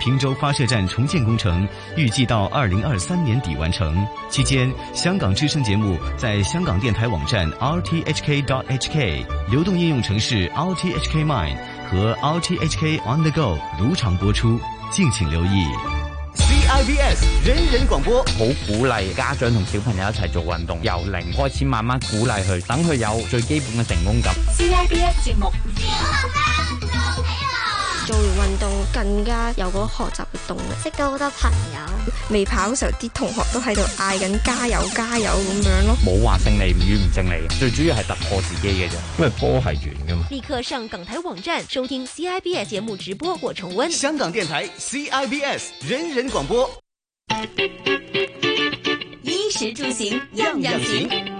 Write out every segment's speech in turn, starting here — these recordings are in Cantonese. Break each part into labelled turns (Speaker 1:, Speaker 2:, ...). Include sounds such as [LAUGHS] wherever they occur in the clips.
Speaker 1: 平洲發射站重建工程預計到二零二三年底完成。期間，香港之聲節目在香港電台網站 r t h k dot h k、流動應用程式 r t h k mine 和 r t h k on the go 如常播出，敬請留意。C I B S 人人廣播好鼓勵家
Speaker 2: 長同小朋友一齊做運動，由零開始慢慢鼓勵佢，等佢有最基本嘅成功感。
Speaker 3: C I B S 節目，做完運動更加有個學習嘅動力，識到好多朋友。未跑嘅時候，啲同學都喺度嗌緊
Speaker 4: 加油加油咁樣咯。
Speaker 5: 冇話勝利與唔勝利，最主要係突破自己嘅啫。因為波係圓噶嘛。
Speaker 4: 立刻上港台網站收聽 CIBS 節目直播或重溫。香港電台 CIBS 人人廣播，
Speaker 1: 衣
Speaker 6: 食住行樣樣行。樣樣行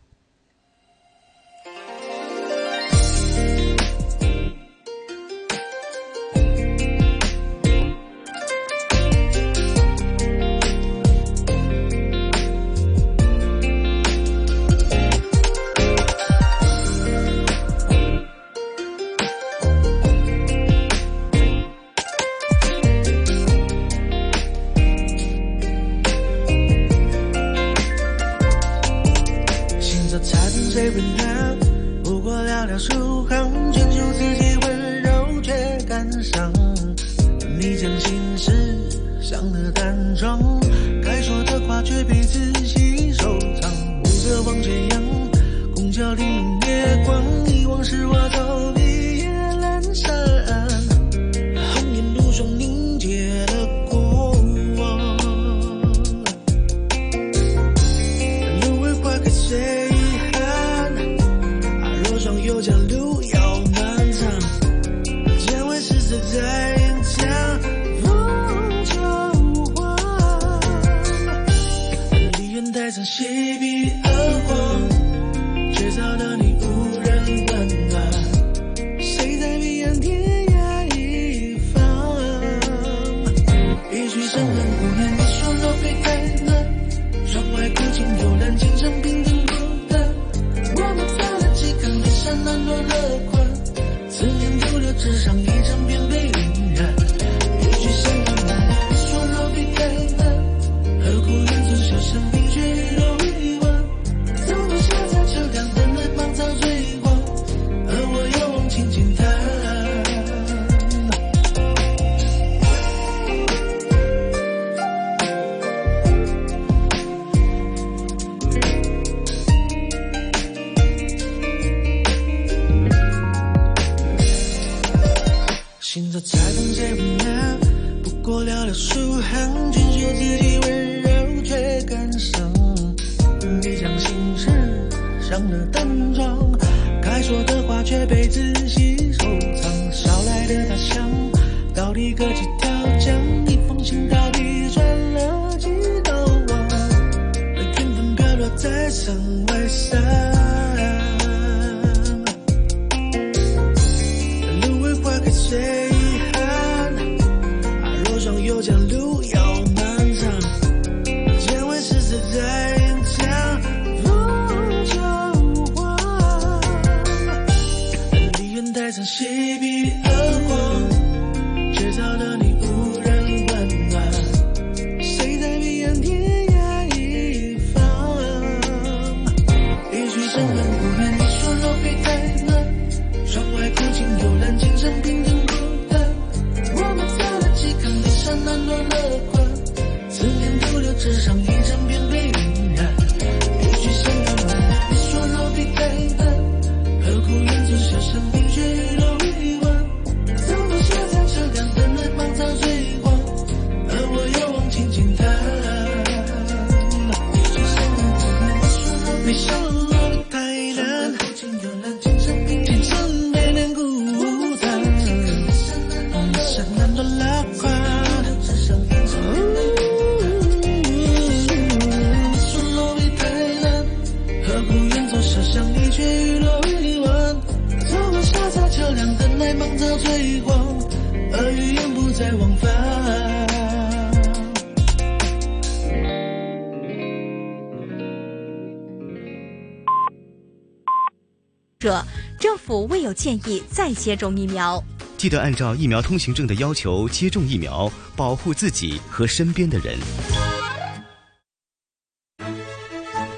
Speaker 7: 建議再接種疫苗，
Speaker 1: 記得按照疫苗通行證的要求接種疫苗，保護自己和身邊的人。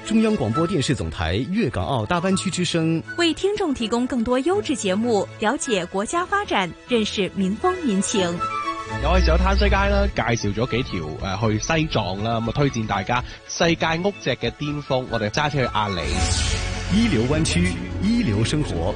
Speaker 1: 中央廣播電視總台粵港澳大灣區之聲
Speaker 7: 為聽眾提供更多優質節目，了解國家發展，認識民風民情。
Speaker 1: 又開始有探西街啦，介紹咗幾條誒、啊，去西藏啦、啊，咁啊推薦大家世界屋脊嘅巔峰，我哋揸車去阿里，一流灣區，一流生活。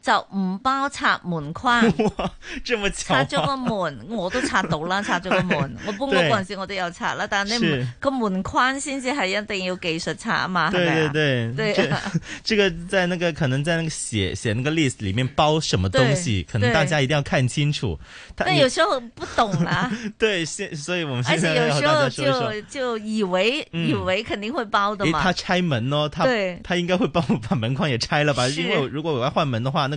Speaker 3: 就唔包拆門框，拆咗個門我都拆到啦。拆咗、啊、個門，我搬屋嗰陣時我都有拆啦。但係你門個門框先至係一定要技術拆啊嘛。對對對，對，
Speaker 8: 這， [LAUGHS] 這個在那個可能在那個寫寫那個 list 裏面包什麼東西，可能大家一定要看清楚。但有時
Speaker 3: 候不懂啊。
Speaker 8: [LAUGHS] 對，所以我們說說，而且有時候就
Speaker 3: 就以為、嗯、以為肯定會包的嘛。他
Speaker 8: 拆門咯、哦，他對他應該會幫我把門框也拆了吧？因為如果我要換門的話，那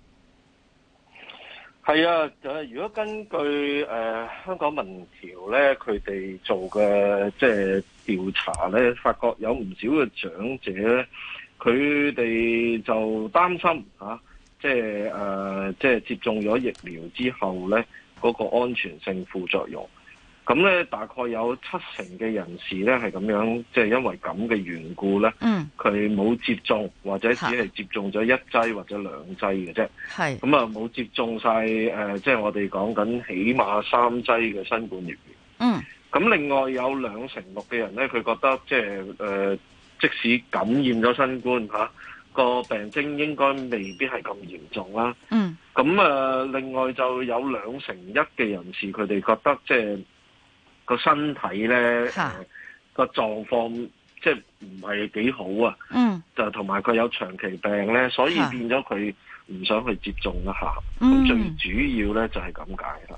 Speaker 9: 係啊，就如果根據誒、呃、香港民調咧，佢哋做嘅即係調查咧，發覺有唔少嘅長者咧，佢哋就擔心嚇，即係誒，即、就、係、係呃就係、接種咗疫苗之後咧，嗰、嗰個安全性副作用。咁咧，大概有七成嘅人士咧，係咁樣，即、就、係、是、因為咁嘅緣故咧，佢、嗯、冇接種，或者只係接種咗一劑或者兩劑嘅啫。係咁啊，冇接種晒，即、呃、係、就是、我哋講緊起碼三劑嘅新冠疫苗。
Speaker 10: 嗯。
Speaker 9: 咁另外有兩成六嘅人咧，佢覺得即係、就是呃、即使感染咗新冠嚇，個、啊、病徵應該未必係咁嚴重啦。嗯。咁啊、呃，另外就有兩成一嘅人士，佢哋覺得即係。就是個身體咧，個狀況即係唔係幾好啊，就同埋佢有長期病咧，所以變咗佢唔想去接種一下咁，嗯，最主要咧就係咁解啦。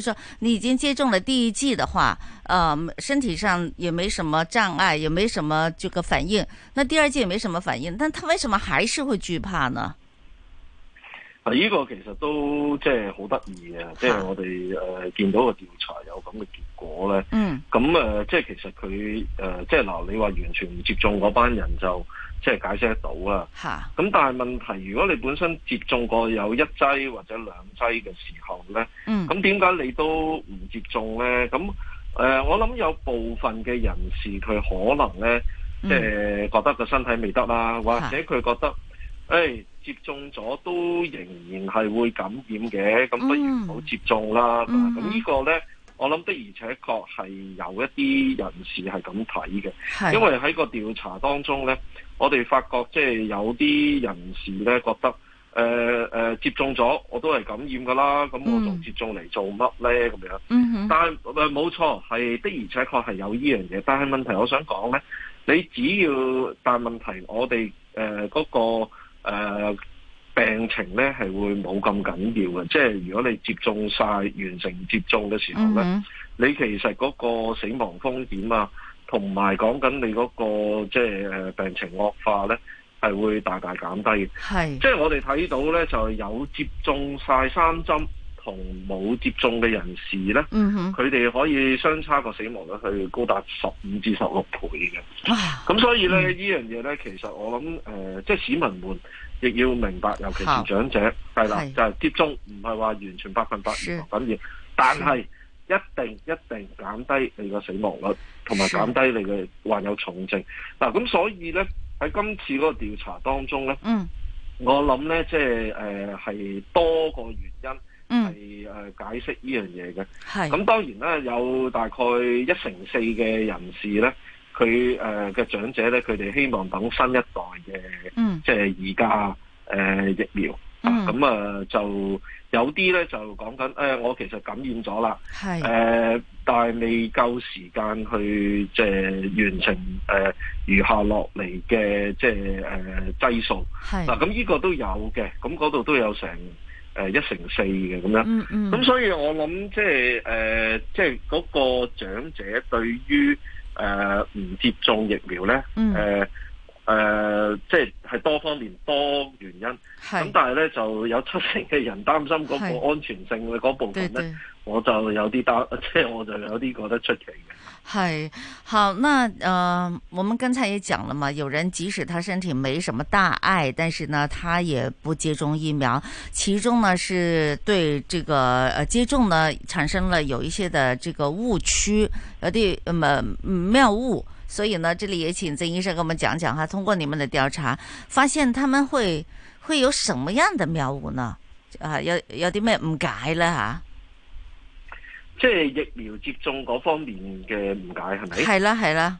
Speaker 3: 就是、說你已經接種了第一劑的話，呃，身體上也沒什麼障礙，也沒什麼這個反應，那第二劑也沒什麼反應，但他為什麼還是會懼怕呢？
Speaker 9: 啊，呢個其實都即係、就是、好得意嘅，即、就、係、是、我哋誒、呃、見到個調查有咁嘅結果咧。嗯。咁、嗯、誒，即係其實佢誒，即係嗱，你話完全唔接種嗰班人就。即係解釋得到啦！咁但係問題，如果你本身接種過有一劑或者兩劑嘅時候咧，咁點解你都唔接種咧？咁誒、呃，我諗有部分嘅人士佢可能咧，即、嗯、係覺得個身體未得啦，或者佢覺得誒、嗯哎、接種咗都仍然係會感染嘅，咁不如唔好接種啦。咁、嗯嗯、呢個咧。我諗的而且確係有一啲人士係咁睇嘅，因為喺個調查當中咧，我哋發覺即係有啲人士咧覺得，誒、呃呃、接種咗我都係感染㗎啦，咁我仲接種嚟做乜咧咁樣？嗯、但係、呃、冇錯係的而且確係有呢樣嘢，但係問題我想講咧，你只要但問題我哋誒嗰個、呃病情咧係會冇咁緊要嘅，即係如果你接種曬完，完成接種嘅時候咧，mm-hmm. 你其實嗰個死亡風險啊，同埋講緊你嗰、嗰個即係誒病情惡化咧，係會大大減低嘅。係，即係我哋睇到咧，就有接種曬三針同冇接種嘅人士咧，佢哋，mm-hmm. 可以相差個死亡率係高達十五至十六倍嘅。咁、哎、所以咧，mm-hmm. 呢樣嘢咧，其實我諗、呃、即係市民們。亦要明白，尤其是長者，係啦，就係、是、接種唔係話完全百分百唔感染，是但係一定是一定減低你嘅死亡率，同埋減低你嘅患有重症。嗱，咁、啊、所以呢，喺今次嗰個調查當中呢，嗯、我諗呢，即係誒係多個原因係解釋呢樣嘢嘅。咁、嗯、當然啦，有大概一成四嘅人士呢。佢誒嘅長者咧，佢哋希望等新一代嘅、嗯，即係而家誒疫苗。咁、嗯、啊、嗯嗯，就有啲咧就講緊誒，我其實感染咗啦。誒、呃，但係未夠時間去即係完成誒、呃、餘下落嚟嘅即係誒、呃、劑數。嗱，咁、啊、呢個都有嘅，咁嗰度都有成誒、呃、一成四嘅咁樣。咁、嗯嗯、所以我諗即係誒，即係嗰、呃、個長者對於。誒、啊，唔接種疫苗咧，誒、嗯。啊.誒、呃，即係多方面多原因，咁但係咧就有七成嘅人擔心嗰個安全性嘅嗰部分咧，我就有啲擔，即係我就有啲覺得出奇
Speaker 3: 嘅。係好，那誒、呃，我們剛才也講了嘛，有人即使他身體沒什麼大礙，但是呢，他也不接種疫苗，其中呢是對這個誒、啊、接種呢產生了有一些的這個誤區，有啲咁啊謬誤。嗯謬誤。所以呢，這裏也請曾醫生跟我們講講哈，通過你們的調查，發現他們會會有什麼樣的謬誤呢？啊，有有啲咩誤解呢？吓、啊，
Speaker 9: 即係疫苗接種嗰方面嘅誤解係咪？係啦，係啦，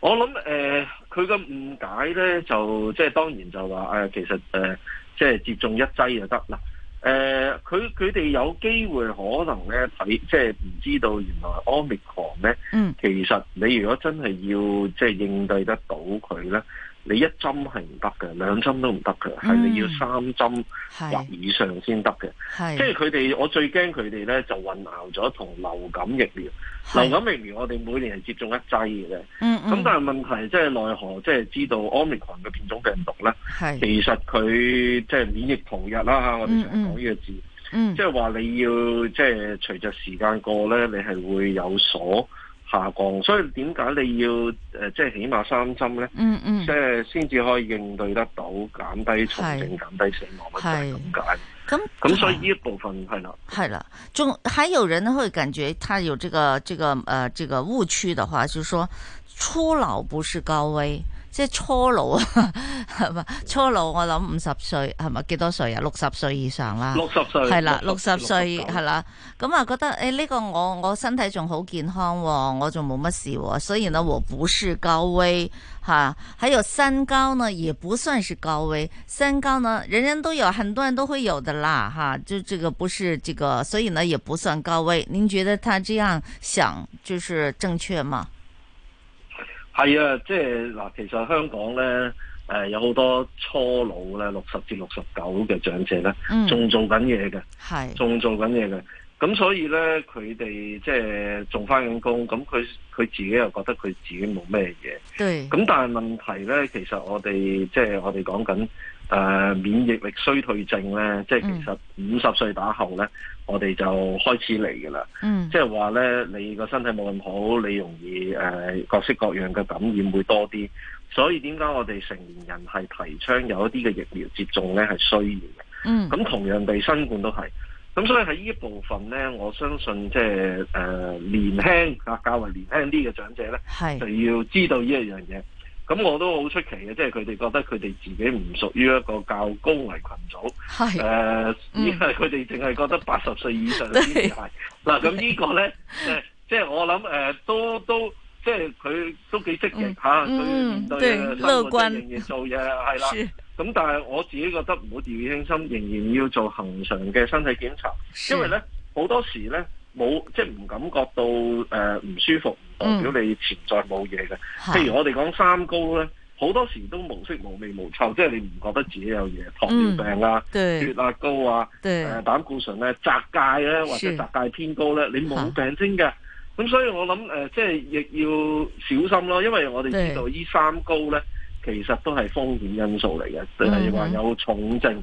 Speaker 9: 我諗誒，佢、呃、嘅誤解呢，就即係當然就話誒、哎，其實誒、呃，即係接種一劑就得啦。誒、呃，佢佢哋有機會可能咧睇，即係唔知道原來 Omicron 呢、嗯，其實你如果真係要即係應對得到佢咧。你一針係唔得嘅，兩針都唔得嘅，係、嗯、你要三針或以上先得嘅。即係佢哋，我最驚佢哋咧就混淆咗同流感疫苗。流感疫苗我哋每年係接種一劑嘅。咁、嗯嗯、但係問題即係奈何即係、就是、知道奧密克戎嘅變種病毒咧、嗯，其實佢即係免疫逃逸啦嚇。我哋成日講呢個字，嗯嗯、即係話你要即係隨住時間過咧，你係會有所下降，所以點解你要誒即係起碼三針咧？嗯嗯，即係先至可以應對得到減低重症、減低死亡嘅咁解。咁咁、就是、所以呢一部分係啦，
Speaker 3: 係、啊、啦。仲還有人會感覺他有這個、這個誒、呃、這個誤區的話，就是、說初老不是高危。即係初老啊，係咪？初老我諗五十歲係咪幾多歲啊？六十歲以上啦，六十歲係啦，六十歲係啦。咁啊覺得誒呢、哎這個我我身體仲好健康、哦，我仲冇乜事、哦，所以呢我不是高危吓。喺、啊、有三高呢也不算是高危，三高呢人人都有，很多人都會有的啦，哈、啊，就這個不是這個，所以呢也不算高危。您覺得他這樣想就是正確嗎？
Speaker 9: 係啊，即係嗱，其實香港咧，誒，有好多初老呢，六十至六十九嘅長者咧，仲做緊嘢嘅，仲做緊嘢嘅，咁所以咧，佢哋即係仲翻緊工，咁佢佢自己又覺得佢自己冇咩嘢，咁但係問題咧，其實我哋即係我哋講緊。誒、呃，免疫力衰退症咧，即係其實五十歲打後咧、嗯，我哋就開始嚟噶啦。嗯，即係話咧，你個身體冇咁好，你容易誒、呃，各式各樣嘅感染會多啲。所以點解我哋成年人係提倡有一啲嘅疫苗接種咧，係需要嘅。嗯，咁同樣地，新冠都係。咁所以喺呢一部分咧，我相信即係誒，年輕啊，較為年輕啲嘅長者咧，係就要知道呢一樣嘢。咁我都好出奇嘅，即係佢哋覺得佢哋自己唔屬於一個較高危群組，係誒、呃嗯，因為佢哋淨係覺得八十歲以上先係嗱，咁呢個咧、呃、即係我諗誒、呃，都都即係佢都幾積極嚇，佢、嗯啊、面對生活仍然做嘢係啦。咁但係我自己覺得唔好掉以輕心，仍然要做恒常嘅身體檢查，因為咧好多時咧。冇即係唔感覺到誒唔、呃、舒服，唔代表你潛在冇嘢嘅。譬如我哋講三高咧，好多時都無色無味無臭，即係你唔覺得自己有嘢。糖尿病啊，嗯、血壓、啊、高啊，膽、呃、膽固醇咧、啊、窄界咧、啊、或者窄界偏高咧，你冇病徵嘅。咁、嗯、所以我諗、呃、即係亦要小心咯，因為我哋知道呢三高咧其實都係風險因素嚟嘅，並唔係話有重症。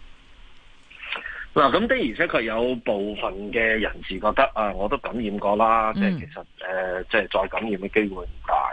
Speaker 9: 嗱，咁的而且確有部分嘅人士覺得啊，我都感染過啦，即、嗯、係其實即係、呃、再感染嘅機會唔大。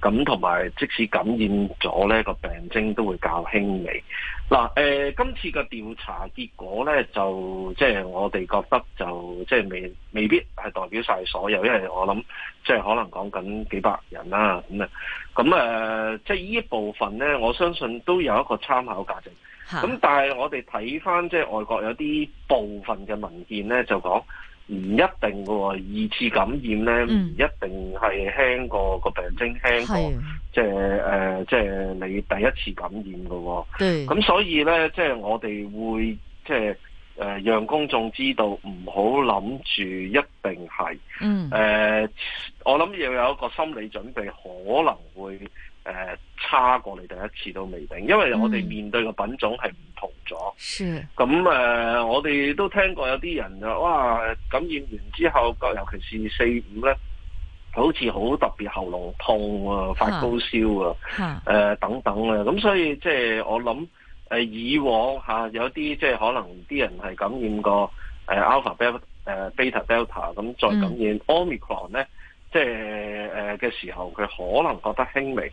Speaker 9: 咁同埋即使感染咗咧，個病徵都會較輕微。嗱、啊呃，今次嘅調查結果咧，就即係我哋覺得就即係未未必係代表晒所有，因為我諗即係可能講緊幾百人啦，咁啊，咁誒，即係呢一部分咧，我相信都有一個參考價值。咁但係我哋睇翻即係外國有啲部分嘅文件咧，就講唔一定喎、哦。二次感染咧，唔、嗯、一定係輕過個病徵輕過、就是，即係誒即係你第一次感染喎、哦。咁所以咧，即、就、係、是、我哋會即係誒讓公眾知道，唔好諗住一定係、嗯呃、我諗要有一個心理準備，可能會。誒、呃、差過你第一次都未定，因為我哋面對嘅品種係唔同咗。咁、嗯、誒、嗯呃，我哋都聽過有啲人就哇！感染完之後，尤其是四五咧，好似好特別，喉嚨痛啊，發高燒啊，啊、呃，等等啊。咁、嗯嗯嗯、所以即、就、係、是、我諗、呃、以往、啊、有啲即係可能啲人係感染過、呃、alpha Be、呃、beta delta，、嗯、beta、嗯、delta 咁再感染 omicron 咧，即係嘅時候，佢可能覺得輕微。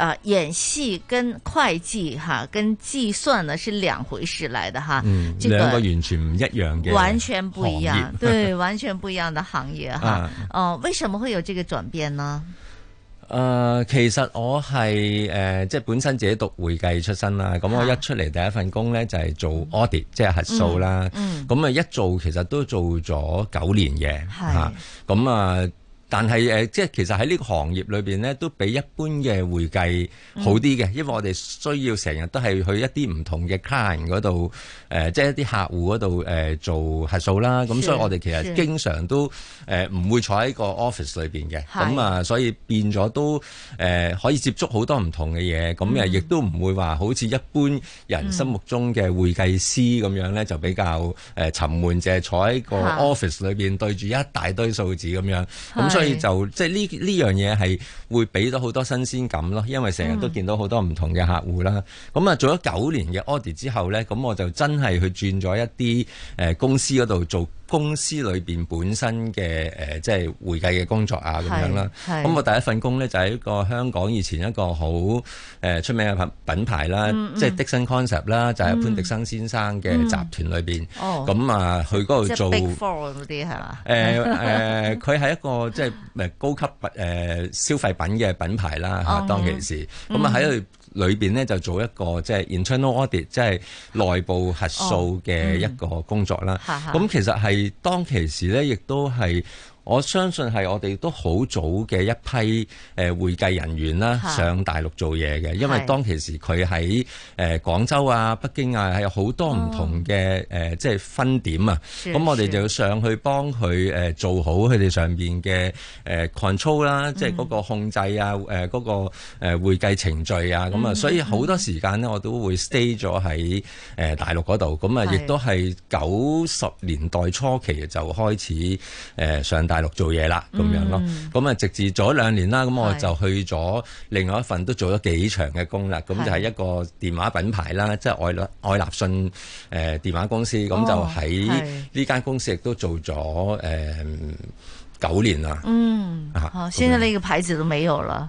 Speaker 3: 啊，演戲跟會計哈、啊啊，跟計算呢是兩回事來的哈、啊嗯這個，兩個
Speaker 5: 完全唔一樣嘅行業，完全不一樣， [LAUGHS]
Speaker 3: 對，完全不一樣的行業哈。哦、啊，為什麼會有這個轉變呢？誒、
Speaker 5: 啊呃，其實我係誒、呃、即係本身自己讀會計出身啦，咁、啊啊、我一出嚟第一份工咧就係、是、做 audit，即係核數、嗯、啦，咁、嗯、啊一做其實都做咗九年嘅，咁、哎、啊。但係誒，即係其實喺呢個行業裏邊咧，都比一般嘅會計好啲嘅、嗯，因為我哋需要成日都係去一啲唔同嘅 client 嗰度。誒、呃，即係一啲客戶嗰度誒做核數啦，咁所以我哋其實經常都誒唔、呃、會坐喺個 office 裏邊嘅，咁啊，所以變咗都誒、呃、可以接觸多、嗯、好多唔同嘅嘢，咁誒亦都唔會話好似一般人心目中嘅會計師咁樣咧，就比較誒、呃、沉悶，就係坐喺個 office 裏邊對住一大堆數字咁樣，咁所以就即係呢呢樣嘢係會俾到好多新鮮感咯，因為成日都見到好多唔同嘅客戶啦。咁、嗯、啊，做咗九年嘅 audit 之後咧，咁我就真係去轉咗一啲誒公司嗰度做公司裏邊本身嘅誒，即、就、係、是、會計嘅工作啊咁樣啦。咁我第一份工咧就係一個香港以前一個好誒出名嘅品品牌啦，即係迪生 Concepts 啦，就係、是嗯就是、潘迪生先生嘅集團裏邊、嗯嗯。哦，咁啊，去嗰度做。即 Big
Speaker 3: Four 嗰啲係嘛？誒
Speaker 5: 誒，佢、呃、係、呃、一個即係誒高級誒消費品嘅品牌啦。嚇、嗯，當其時，咁啊喺度。裏邊咧就做一個即係 internal audit，即係內部核數嘅一個工作啦。咁、哦嗯、其實係當其時咧，亦都係。我相信係我哋都好早嘅一批誒、呃、會計人員啦、啊，上大陸做嘢嘅，因為當其時佢喺誒廣州啊、北京啊，係有好多唔同嘅誒即係分點啊。咁我哋就要上去幫佢誒做好佢哋上邊嘅誒 control 啦，即係個控制啊，誒、嗯呃那個誒會計程序啊。咁啊，所以好多時間咧，我都會 stay 咗喺誒大陸度。咁、嗯、啊，亦、呃、都係九十年代初期就開始誒、呃、上。大陸做嘢啦，咁樣咯，咁、嗯、啊，直至咗兩年啦，咁我就去咗另外一份，都做咗幾長嘅工啦，咁就係一個電話品牌啦，即係愛立愛立信誒、呃、電話公司，咁、哦、就喺呢間公司亦都做咗誒九年啦。嗯，好，
Speaker 3: 現在呢個牌子都沒有了。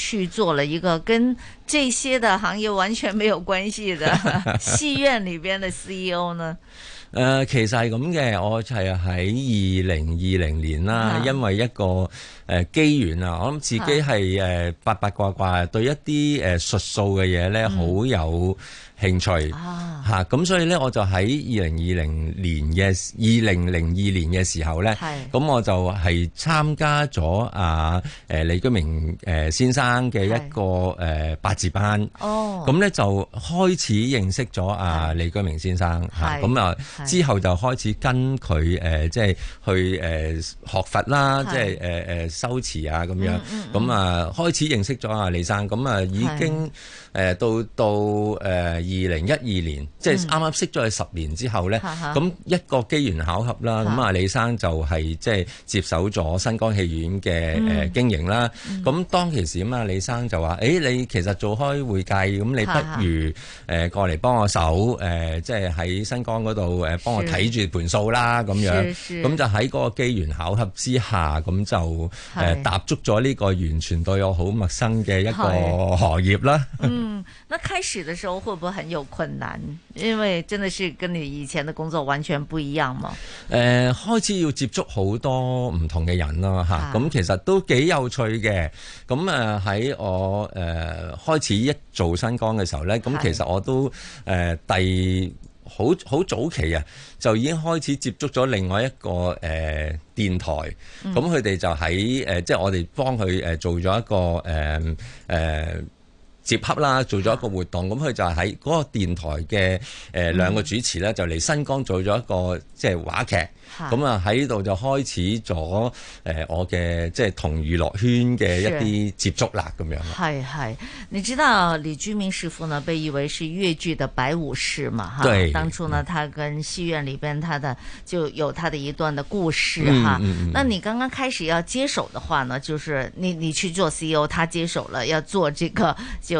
Speaker 3: 去做了一個跟這些的行業完全沒有關係的戲院裏邊的 CEO 呢？誒
Speaker 5: [LAUGHS] 呃，其實係咁嘅，我係喺二零二零年啦，因為一個誒、呃、機緣啊，我諗自己係誒、呃、八八卦卦對一啲誒術數嘅嘢咧好有。嗯興趣咁、啊啊，所以咧我就喺二零二零年嘅二零零二年嘅時候咧，咁我就係參加咗阿、啊呃、李居明、呃、先生嘅一個誒、呃、八字班。哦，咁咧就開始認識咗阿、啊、李居明先生咁啊，啊之後就開始跟佢誒、呃，即係去誒、呃、學佛啦，即係誒誒修持啊咁樣。咁、嗯嗯、啊開始認識咗阿、啊、李生，咁啊已經。誒、呃、到到誒二零一二年，嗯、即係啱啱識咗佢十年之後呢，咁、嗯、一個機緣巧合啦，咁、嗯、啊，李生就係即係接手咗新光戲院嘅誒、呃嗯、經營啦。咁、嗯、當其時咁啊，李生就話：，誒、欸、你其實做開會計，咁你不如誒、嗯呃、過嚟幫我手，誒即係喺新光嗰度誒幫我睇住盤數啦。咁樣，咁就喺嗰個機緣巧合之下，咁就誒、啊、踏足咗呢個完全對我好陌生嘅一個行業啦。 [LAUGHS]
Speaker 3: 嗯，那開始的時候會不會很有困難？因為真的是跟你以前的工作完全不一樣嘛？
Speaker 5: 誒、呃，開始要接觸好多唔同嘅人咯，吓，咁、嗯、其實都幾有趣嘅。咁啊喺我誒、呃、開始一做新光嘅時候呢，咁其實我都誒、呃、第好好早期啊就已經開始接觸咗另外一個誒、呃、電台，咁佢哋就喺誒、呃、即係我哋幫佢誒做咗一個誒誒。呃呃接洽啦，做咗一個活動，咁、啊、佢就喺個電台嘅誒、呃嗯、兩個主持咧，就嚟新光做咗一個即係話劇，咁啊喺度就，就開始咗誒、呃、我嘅即係同娛樂圈嘅一啲接觸啦咁樣。
Speaker 3: 係，係你知道李居明師傅呢，被譽為是粵劇的白武士嘛？哈，對、啊，當初呢，他跟戲院裏邊他的就有他的一段的故事哈、嗯啊嗯。那你剛剛開始要接手的話呢，就是你你去做 CEO，他接手了要做這個。就。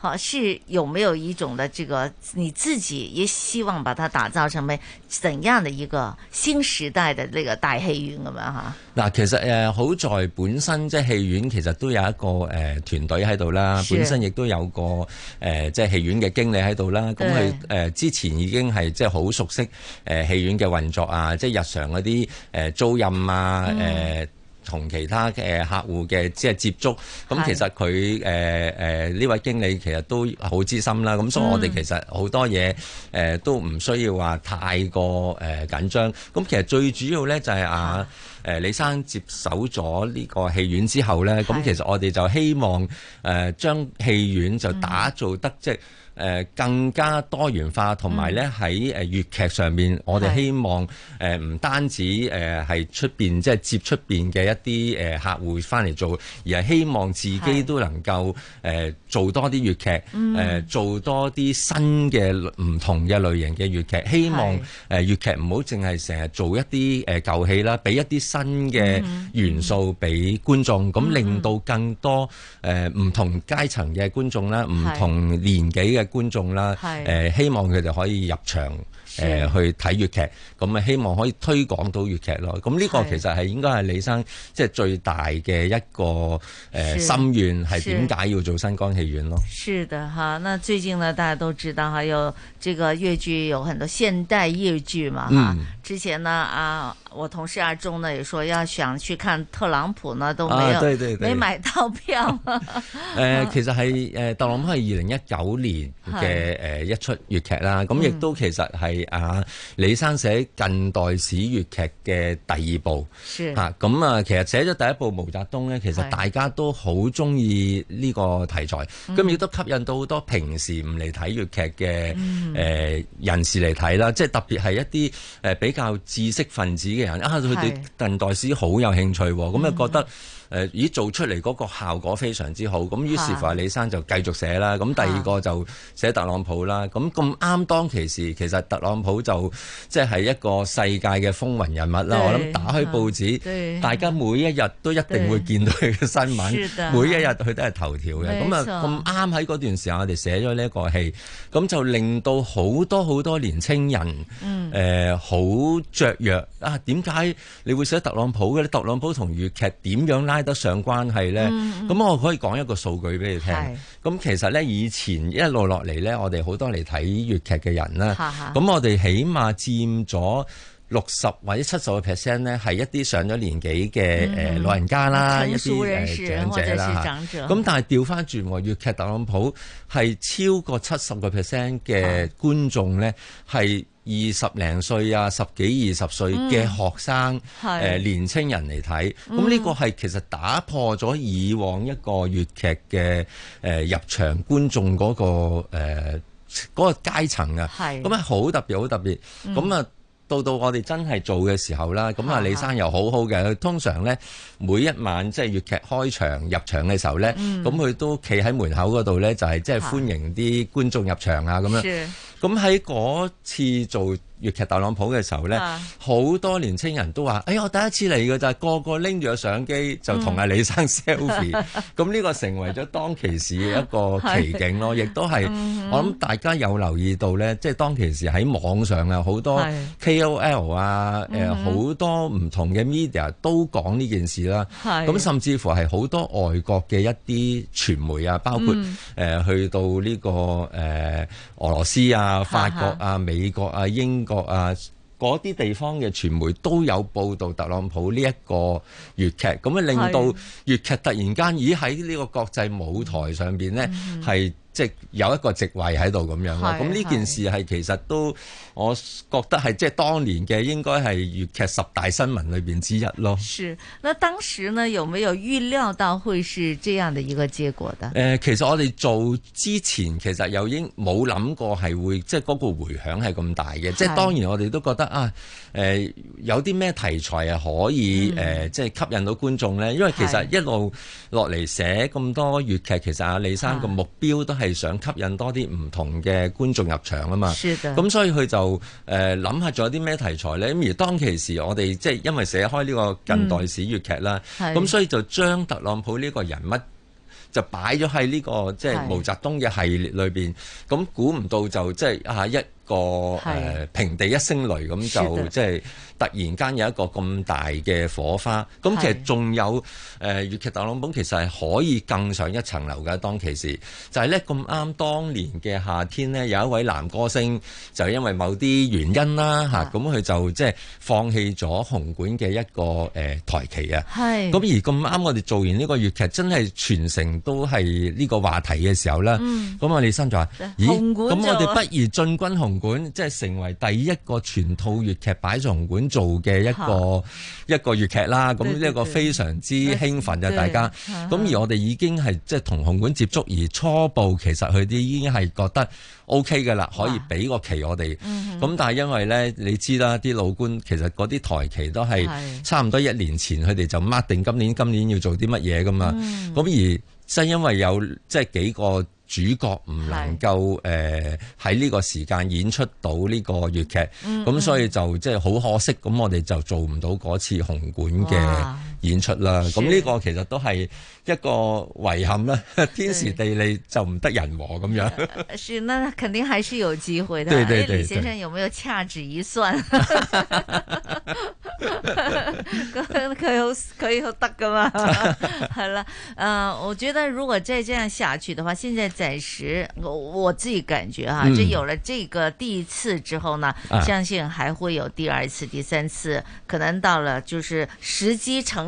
Speaker 3: 好是有沒有一種的這個你自己也希望把它打造成咩怎樣的一個新時代的呢個大戲院咁樣吓？
Speaker 5: 嗱，其實誒、呃、好在本身即係戲院其實都有一個誒團隊喺度啦，本身亦都有個誒即係戲院嘅經理喺度啦，咁佢誒之前已經係即係好熟悉誒戲院嘅運作啊，即係日常嗰啲誒租賃啊，誒、呃。嗯同其他嘅客戶嘅即係接觸，咁其實佢誒誒呢位經理其實都好知心啦。咁所以我哋其實好多嘢誒、嗯呃、都唔需要話太過誒緊張。咁、呃、其實最主要呢，就係啊，誒、呃、黎生接手咗呢個戲院之後呢，咁其實我哋就希望誒將戲院就打造得即、嗯就係誒、呃、更加多元化，同埋咧喺誒粵劇上面、嗯、我哋希望誒唔、呃、單止誒係出邊即係接出邊嘅一啲誒客戶翻嚟做，而係希望自己都能夠誒、呃、做多啲粵劇誒做多啲新嘅唔同嘅類型嘅粵劇，希望誒粵劇唔好淨係成日做一啲誒舊戲啦，俾一啲新嘅元素俾觀眾，咁、嗯嗯嗯、令到更多誒唔、呃、同階層嘅觀眾啦，唔、嗯嗯、同年紀嘅。觀眾啦，誒、呃、希望佢哋可以入場誒、呃、去睇粵劇，咁啊希望可以推廣到粵劇咯。咁呢個其實係應該係黎生即係最大嘅一個誒心願，係點解要做新光戲院咯？
Speaker 3: 係嘅，哈，那最近呢，大家都知道哈，有這個粵劇有很多現代粵劇嘛，哈、嗯。之前呢，啊，我同事阿、啊、鐘呢，也說要想去看特朗普呢，都沒有，啊、對對對，沒買到票。誒、啊呃啊，其
Speaker 5: 實係誒、呃，特朗普係二零一九年嘅誒、呃、一出粵劇啦，咁亦都其實係啊李生寫近代史粵劇嘅第二部。吓，咁啊，啊，其實寫咗第一部毛澤東咧，其實大家都好中意呢個題材，咁亦、嗯、都吸引到好多平時唔嚟睇粵劇嘅誒、呃嗯、人士嚟睇啦，即係特別係一啲誒比呃較知識分子嘅人，啊，佢哋對近代史好有興趣喎，咁又覺得，誒咦做出嚟嗰個效果非常之好，咁於是乎阿李生就繼續寫啦。咁第二個就寫特朗普啦。咁咁啱當其時其實特朗普就即係一個世界嘅風雲人物啦。我諗打開報紙，大家每一日都一定會見到佢嘅新聞，每一日佢都係頭條嘅。咁啊咁啱喺嗰段時間我哋寫咗呢一個戲，咁就令到好多好多年青人誒好雀躍啊！點解你會寫特朗普嘅呢？特朗普同粵劇點樣拉？得上關係咧，咁、嗯嗯、我可以講一個數據俾你聽。咁其實咧，以前一路落嚟咧，我哋好多嚟睇粵劇嘅人啦。咁我哋起碼佔咗六十或者七十個 percent 咧，係一啲上咗年紀嘅誒老人家啦、嗯，一啲誒長者啦嚇。咁但係掉返轉，我粵劇特朗普係超過七十個 percent 嘅觀眾咧，係。二十零歲啊，十幾二十歲嘅學生，誒、嗯呃、年青人嚟睇，咁呢、嗯、個係其實打破咗以往一個粵劇嘅誒、呃、入場觀眾嗰、那個誒嗰、呃那個階層啊，咁啊好特別，好特別，咁、嗯、啊。到到我哋真係做嘅時候啦，咁啊李生又好好嘅，佢通常咧每一晚即係粵劇開場入場嘅時候咧，咁、嗯、佢都企喺門口嗰度咧，就係即係歡迎啲觀眾入場啊咁、嗯、樣，咁喺嗰次做。粵劇特朗普嘅時候咧，好多年青人都話哎呀，我第一次嚟嘅就係個個拎住個相機就同阿李生 selfie。咁、嗯、呢個成為咗當其時一個奇景咯，亦都係、嗯嗯、我諗大家有留意到咧，即係當其時喺網上啊，好多 KOL 啊，誒好、嗯嗯、多唔同嘅 media 都講呢件事啦。咁甚至乎係好多外國嘅一啲傳媒啊，包括誒、嗯呃、去到呢、這個誒、呃、俄羅斯啊、法國啊、美國啊、英。個啊，嗰啲地方嘅傳媒都有報導特朗普呢一個粵劇，咁啊令到粵劇突然間，已喺呢個國際舞台上邊咧係。即係有一個席位喺度咁樣咯，咁呢件事係其實都我覺得係即係當年嘅應該係粵劇十大新聞裏邊之一咯。
Speaker 3: 是，那當時呢有沒有預料到會是這樣的一個結果的？誒、
Speaker 5: 呃、其實我哋做之前其實沒有應冇諗過係會即係個回響係咁大嘅，即係當然我哋都覺得啊，誒、呃、有啲咩題材係可以誒、嗯呃、即係吸引到觀眾咧。因為其實一路落嚟寫咁多粵劇，其實阿李生個目標都係。係想吸引多啲唔同嘅觀眾入場啊嘛，咁、嗯、所以佢就誒諗下仲有啲咩題材呢？咁而當其時我，我哋即係因為寫開呢個近代史粵劇啦，咁、嗯嗯、所以就將特朗普呢個人物就擺咗喺呢個即係毛澤東嘅系列裏邊。咁估唔到就即係、啊、一,一個誒、呃、平地一聲雷，咁、嗯、就即係。突然間有一個咁大嘅火花，咁其實仲有誒粵、呃、劇大龍本其實係可以更上一層樓嘅，當其時就係，咧，咁啱當年嘅夏天咧，有一位男歌星就因為某啲原因啦吓，咁佢、啊、就即係放棄咗紅館嘅一個誒、呃、台期啊。係咁而咁啱我哋做完呢個粵劇，真係全城都係呢個話題嘅時候咧。嗯。咁我哋心就話咦？咁我哋不如進軍紅館，即係成為第一個全套粵劇擺咗紅館做嘅一個的一個粵劇啦，咁呢一個非常之興奮嘅大家。咁而我哋已經係即係同紅館接觸，而初步其實佢哋已經係覺得 OK 㗎啦，可以俾個期我哋。咁、嗯、但係因為咧，你知啦，啲老官其實嗰啲台期都係差唔多一年前，佢哋就 mark 定今年今年要做啲乜嘢噶嘛。咁、嗯、而真因為有即係、就是、幾個。主角唔能夠誒喺呢個時間演出到呢個粵劇，咁所以就即係好可惜。咁我哋就做唔到嗰次紅館嘅。演出啦，咁呢個其實都係一個遺憾啦。天時地利就唔得人和咁樣。
Speaker 3: 是，那肯定還是有機會嘅。對對對李先生有沒有掐指一算？對對對對 [LAUGHS] [LAUGHS] 可以可有可以得噶嘛？好 [LAUGHS] 了，嗯、呃，我覺得如果再這樣下去的話，現在暫時我我自己感覺啊、嗯，就有了這個第一次之後呢、啊，相信還會有第二次、第三次，可能到了就是時機成。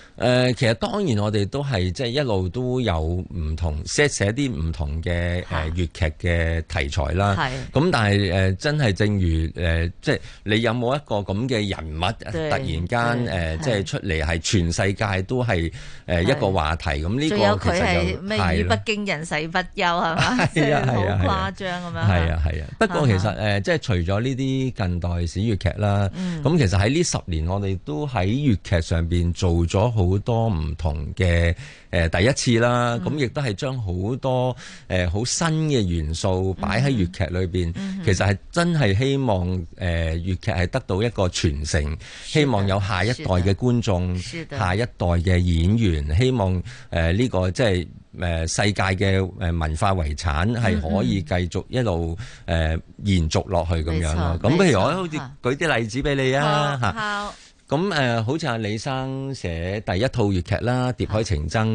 Speaker 5: 誒、呃、其實當然我哋都係即係一路都有唔同寫寫啲唔同嘅誒粵劇嘅題材啦。係咁，但係誒、呃、真係正如誒即係你有冇一個咁嘅人物，突然間誒即係出嚟係全世界都係誒一個話題咁呢，這個佢係咩？語不
Speaker 3: 驚人死不休係嘛？係啊係啊，誇張咁樣係
Speaker 5: 啊係啊，啊，啊，啊，啊。不過其實誒即係除咗呢啲近代史粵劇啦，咁、啊，嗯、其實喺呢十年我哋都喺粵劇上邊做咗好好多唔同嘅誒第一次啦，咁亦都係將好多誒好新嘅元素擺喺粵劇裏邊。其實係真係希望誒粵劇係得到一個傳承，希望有下一代嘅觀眾，下一代嘅演員，希望誒呢個即係誒世界嘅誒文化遺產係可以繼續一路誒延續落去咁樣囉。咁不如我好似舉啲例子俾你啊嚇。咁誒、呃，好似阿李生寫第一套粵劇啦，《蝶海情爭》。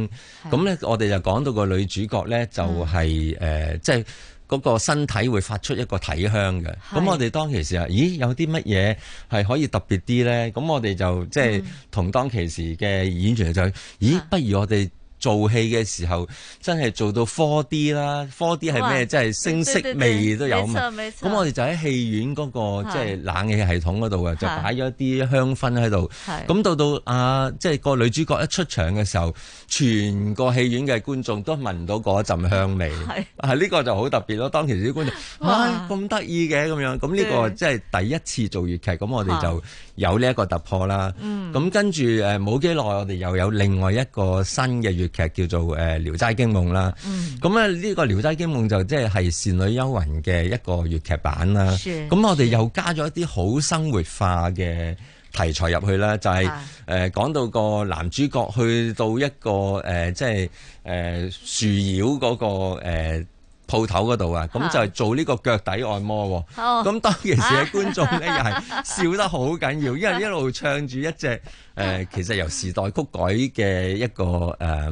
Speaker 5: 咁咧，我哋就講到個女主角咧，就係、是、誒，即係嗰個身體會發出一個體香嘅。咁我哋當其時啊，咦，有啲乜嘢係可以特別啲咧？咁我哋就即係同當其時嘅演員就咦，不如我哋。做戲嘅時候真係做到 4D 啦，4D 係咩？即係聲色味都有，咁我哋就喺戲院嗰、嗰個即係冷氣系統嗰度呀，就擺咗啲香薰喺度。咁到到啊，即係個女主角一出場嘅時候，全個戲院嘅觀眾都聞到嗰陣香味。係呢、啊呢個就好特別咯。當其時啲觀眾，哇，咁得意嘅咁樣。咁、呢、呢個即係第一次做粵劇，咁我哋就。有呢一個突破啦，咁、嗯、跟住冇幾耐，我哋又有另外一個新嘅粵劇叫做《誒聊齋驚夢》啦。咁、嗯、呢、呢個《聊齋驚夢》就即係《倩女幽魂》嘅一個粵劇版啦。咁我哋又加咗一啲好生活化嘅題材入去啦，就係誒講到個男主角去到一個誒即係誒樹妖嗰、嗰個、呃鋪頭嗰度啊，咁就係做呢個腳底按摩喎。咁 [NOISE] 當其時嘅觀眾咧，又係， [LAUGHS] 笑得好緊要，因為一路唱住一隻誒、呃，其實由時代曲改嘅一個誒。呃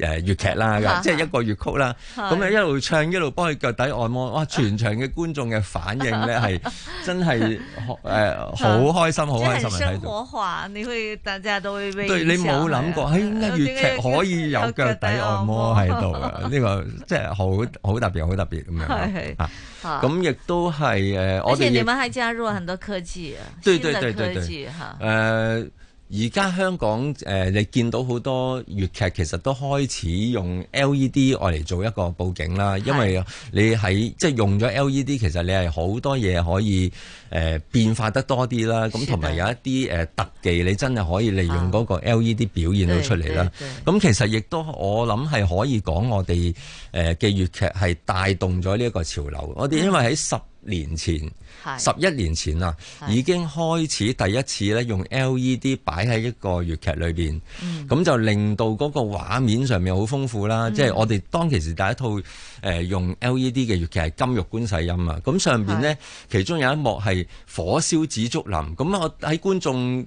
Speaker 5: 誒、啊、粵劇啦，即係、 [MUSIC] 就是、一個粵曲啦，咁啊 [MUSIC] 一路唱一路幫佢腳底按摩，哇！全場嘅觀眾嘅反應咧係真係誒好開心，好開心睇到。即係生活
Speaker 3: 化，你去第日到微。對，
Speaker 5: 你冇諗過，誒應該粵劇可以有腳底按摩喺度啊！呢、這個即係好好特別，好特別咁樣。咁、啊、亦都係誒，而且你們還
Speaker 3: 加入了很多科技啊，新的
Speaker 5: 而家香港誒、呃，你見到好多粵劇其實都開始用 LED 我嚟做一個佈景啦，因為你喺即係用咗 LED，其實你係好多嘢可以誒、呃、變化得多啲啦。咁同埋有一啲、呃、特技，你真係可以利用嗰個 LED 表現到出嚟啦。咁、嗯、其實亦都我諗係可以講我哋誒嘅粵劇係帶動咗呢一個潮流。我哋因為喺十年前，十一年前啊，已經開始第一次咧用 LED 擺喺一個粵劇裏邊，咁、嗯、就令到嗰個畫面上面好豐富啦。即、嗯、係、就是、我哋當其時第一套誒用 LED 嘅粵劇係《金玉觀世音》啊，咁上邊呢，其中有一幕係火燒紫竹林，咁我喺觀眾，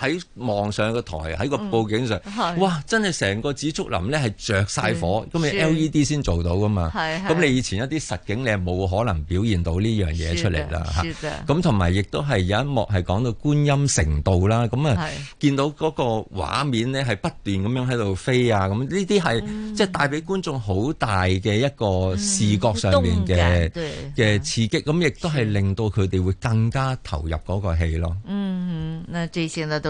Speaker 5: 喺望上個台喺個布景上、嗯，哇！真係成個紫竹林咧係着晒火，咁你 LED 先做到噶嘛？咁你以前一啲實景你係冇可能表現到呢樣嘢出嚟啦嚇。咁同埋亦都係有一幕係講到觀音成道啦，咁啊見到嗰個畫面咧係不斷咁樣喺度飛啊咁，呢啲係即係帶俾觀眾好大嘅一個視覺上面嘅嘅刺激，咁亦都係令到佢哋會更加投入個戲咯。嗯嗯，
Speaker 3: 嗱最先咧都。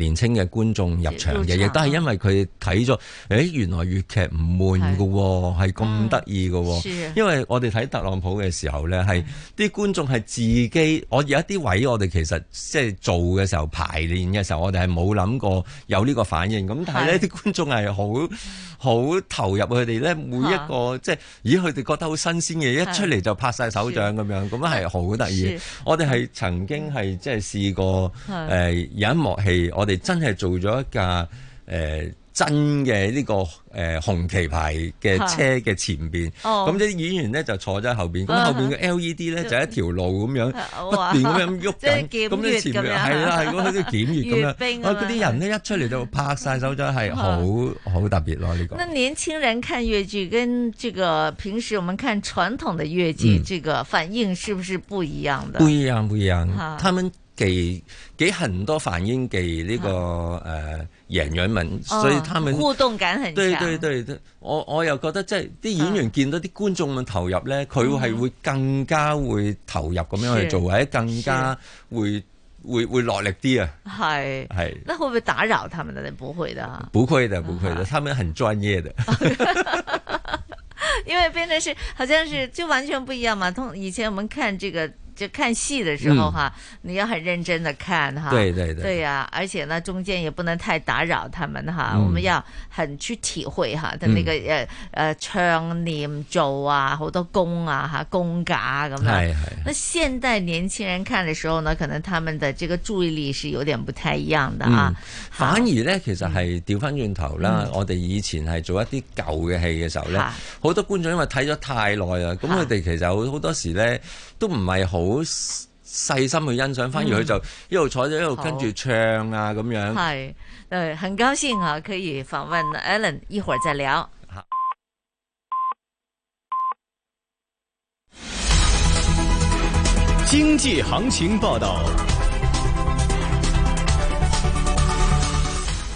Speaker 5: 年青嘅觀眾入場嘅，亦都係因為佢睇咗，誒、欸、原來粵劇唔悶㗎喎，係咁得意㗎喎。因為我哋睇特朗普嘅時候呢，係啲觀眾係自己，我有一啲位我哋其實即係做嘅時候排練嘅時候，我哋係冇諗過有呢個反應，咁但係呢啲觀眾係好好投入佢哋咧，每一個、啊、即係，咦？佢哋覺得好新鮮嘅、啊、一出嚟就拍晒手掌咁是樣，咁係好得意。我哋係曾經係即係試過誒有一幕戲我哋真係做咗一架誒。呃真嘅呢、這個誒、呃、紅旗牌嘅車嘅前面，咁啲、哦、演員呢就坐咗喺後邊，咁、啊、後邊嘅 LED 咧就，就一條路咁樣不斷咁樣喐緊，咁樣前面係啦，咁喺度檢閲，咁樣，啊啲、就是啊啊啊啊、人呢一出嚟就拍晒手掌，係好好特別咯、啊、呢、這個。
Speaker 3: 那年輕人看粵劇跟這個平時我們看傳統的粵劇這個反應是不是不一樣的？不一
Speaker 5: 樣，不一樣，他們記幾,幾很多反應記呢個誒演員們，所以他們、哦、
Speaker 3: 互動感很強。對對
Speaker 5: 對,對，我我又覺得即係啲演員見到啲觀眾咁投入咧，佢、啊、係會更加會投入咁樣去做，或者更加會會會落力啲啊。
Speaker 3: 係係，那會唔會打擾他們咧？不會的、啊，
Speaker 5: 不會的，不會的、嗯，他們很專業的。
Speaker 3: [LAUGHS] [LAUGHS] 因為變成是，好像是就完全不一樣嘛。同以前我們看這個。就看戲的時候哈、啊嗯，你要很認真的看哈、啊，對對對，對呀、啊，而且呢中間也不能太打擾他們哈、啊嗯，我們要很去體會哈、啊，佢、嗯、那個誒誒、呃、唱念做啊，好多功啊，哈功架咁樣。係係。那現代年輕人看嘅時候呢，可能他們的這個注意力是有點不太一樣的啊。
Speaker 5: 嗯、啊反而咧，其實係調翻轉頭啦，我哋以前係做一啲舊嘅戲嘅時候咧，好、啊、多觀眾因為睇咗太耐啊，咁佢哋其實好好多時咧都唔係好。好細心去欣賞，反而佢就一路坐咗一路跟住唱啊咁、嗯、樣。係，
Speaker 3: 誒，很高興啊，可以訪問 Alan，一會兒再聊。
Speaker 1: 經濟行情報道。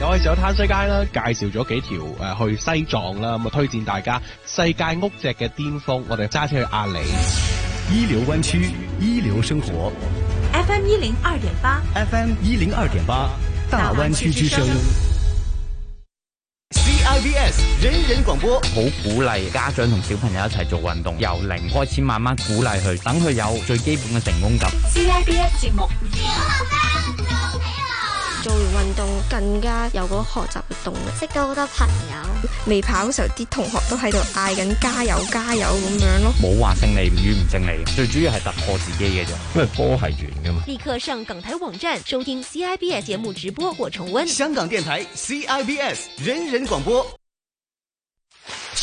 Speaker 1: 有嘅時候攤西街啦，介紹咗幾條誒去西藏啦，咁啊推薦大家世界屋脊嘅巔峰，我哋揸車去阿里。一流灣區，一流生活。
Speaker 7: F M 一零二點八。
Speaker 1: F M 一零二點八，大灣區之聲。C I B S 人人廣播
Speaker 2: 好鼓勵家長同小朋友一齊做運動，由零開始慢慢鼓勵佢，等佢有最基本嘅成功感。
Speaker 3: C I B S 節目做完運動更加有個學習嘅動力，識到好多朋友。未跑嘅時候，啲同學都喺度嗌緊加
Speaker 4: 油加油咁樣咯。
Speaker 2: 冇話勝利不與唔勝利，最主要係突破自己嘅啫。因為波係圓噶嘛。
Speaker 4: 立刻上港台網站收聽 CIBS 節目直播或重温香港電台 CIBS 人人廣播。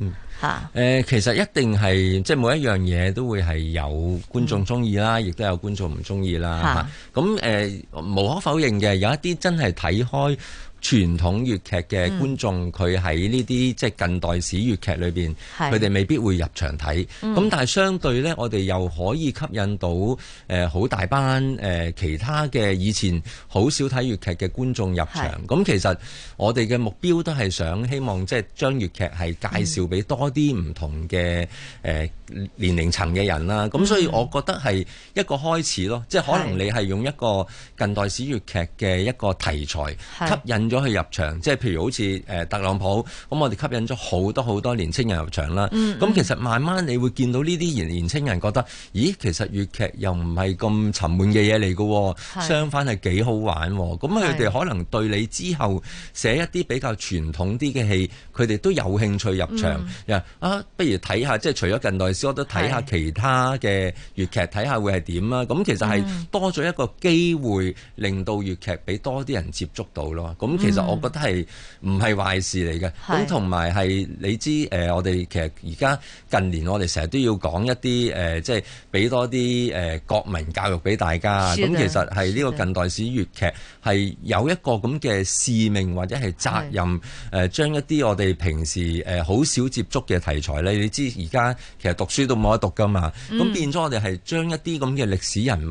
Speaker 3: 嗯
Speaker 5: 吓，誒其實一定係即係每一樣嘢都會係有觀眾中意啦，亦、嗯、都有觀眾唔中意啦嚇。咁、嗯、誒、啊呃、無可否認嘅，有一啲真係睇開傳統粵劇嘅觀眾，佢喺呢啲即係近代史粵劇裏邊，佢、嗯、哋未必會入場睇。咁、嗯、但係相對呢，我哋又可以吸引到誒好、呃、大班誒、呃、其他嘅以前好少睇粵劇嘅觀眾入場。咁、嗯、其實。我哋嘅目標都係想希望即係將粵劇係介紹俾多啲唔同嘅誒年齡層嘅人啦。咁、嗯、所以我覺得係一個開始咯、嗯。即係可能你係用一個近代史粵劇嘅一個題材吸引咗佢入場。即係譬如好似誒特朗普咁，我哋吸引咗好多好多年青人入場啦。咁、嗯、其實慢慢你會見到呢啲年年青人覺得，咦，其實粵劇又唔係咁沉悶嘅嘢嚟㗎喎，相反係幾好玩。咁佢哋可能對你之後。寫一啲比較傳統啲嘅戲，佢哋都有興趣入場，嗯、啊，不如睇下，即係除咗近代史，我都睇下其他嘅粵劇睇下會係點啦。咁其實係多咗一個機會令到粵劇俾多啲人接觸到咯。咁其實我覺得係唔係壞事嚟嘅。咁同埋係你知誒、呃、我哋其實而家近年我哋成日都要講一啲誒、呃、即係俾多啲誒、呃、國民教育俾大家。咁其實係呢個近代史粵劇係有一個咁嘅使命或者。係責任誒、呃，將一啲我哋平時誒好、呃、少接觸嘅題材咧，你知而家其實讀書都冇得讀噶嘛，咁、嗯、變咗我哋係將一啲咁嘅歷史人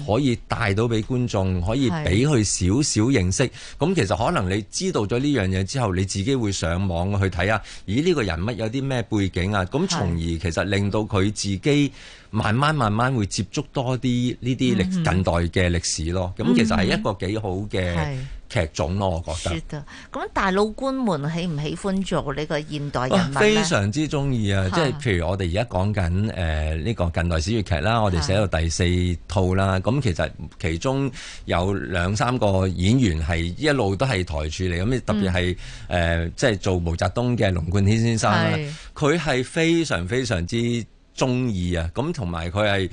Speaker 5: 物可以帶到俾觀眾，嗯、可以俾佢少少認識。咁其實可能你知道咗呢樣嘢之後，你自己會上網去睇啊，咦呢、呢個人物有啲咩背景啊？咁從而其實令到佢自己。慢慢慢慢會接觸多啲呢啲歷、嗯、近代嘅歷史咯，咁、嗯、其實係一個幾好嘅劇種咯，我覺
Speaker 3: 得。咁大老官們喜唔喜歡做呢個現代人？哦、非
Speaker 5: 常之中意啊！即係譬如我哋而家講緊呢個近代史粵劇啦，我哋寫到第四套啦。咁其實其中有兩三個演員係一路都係台柱嚟，咁特別係即係做毛澤東嘅龍貫天先生啦，佢係非常非常之。中意啊！咁同埋佢係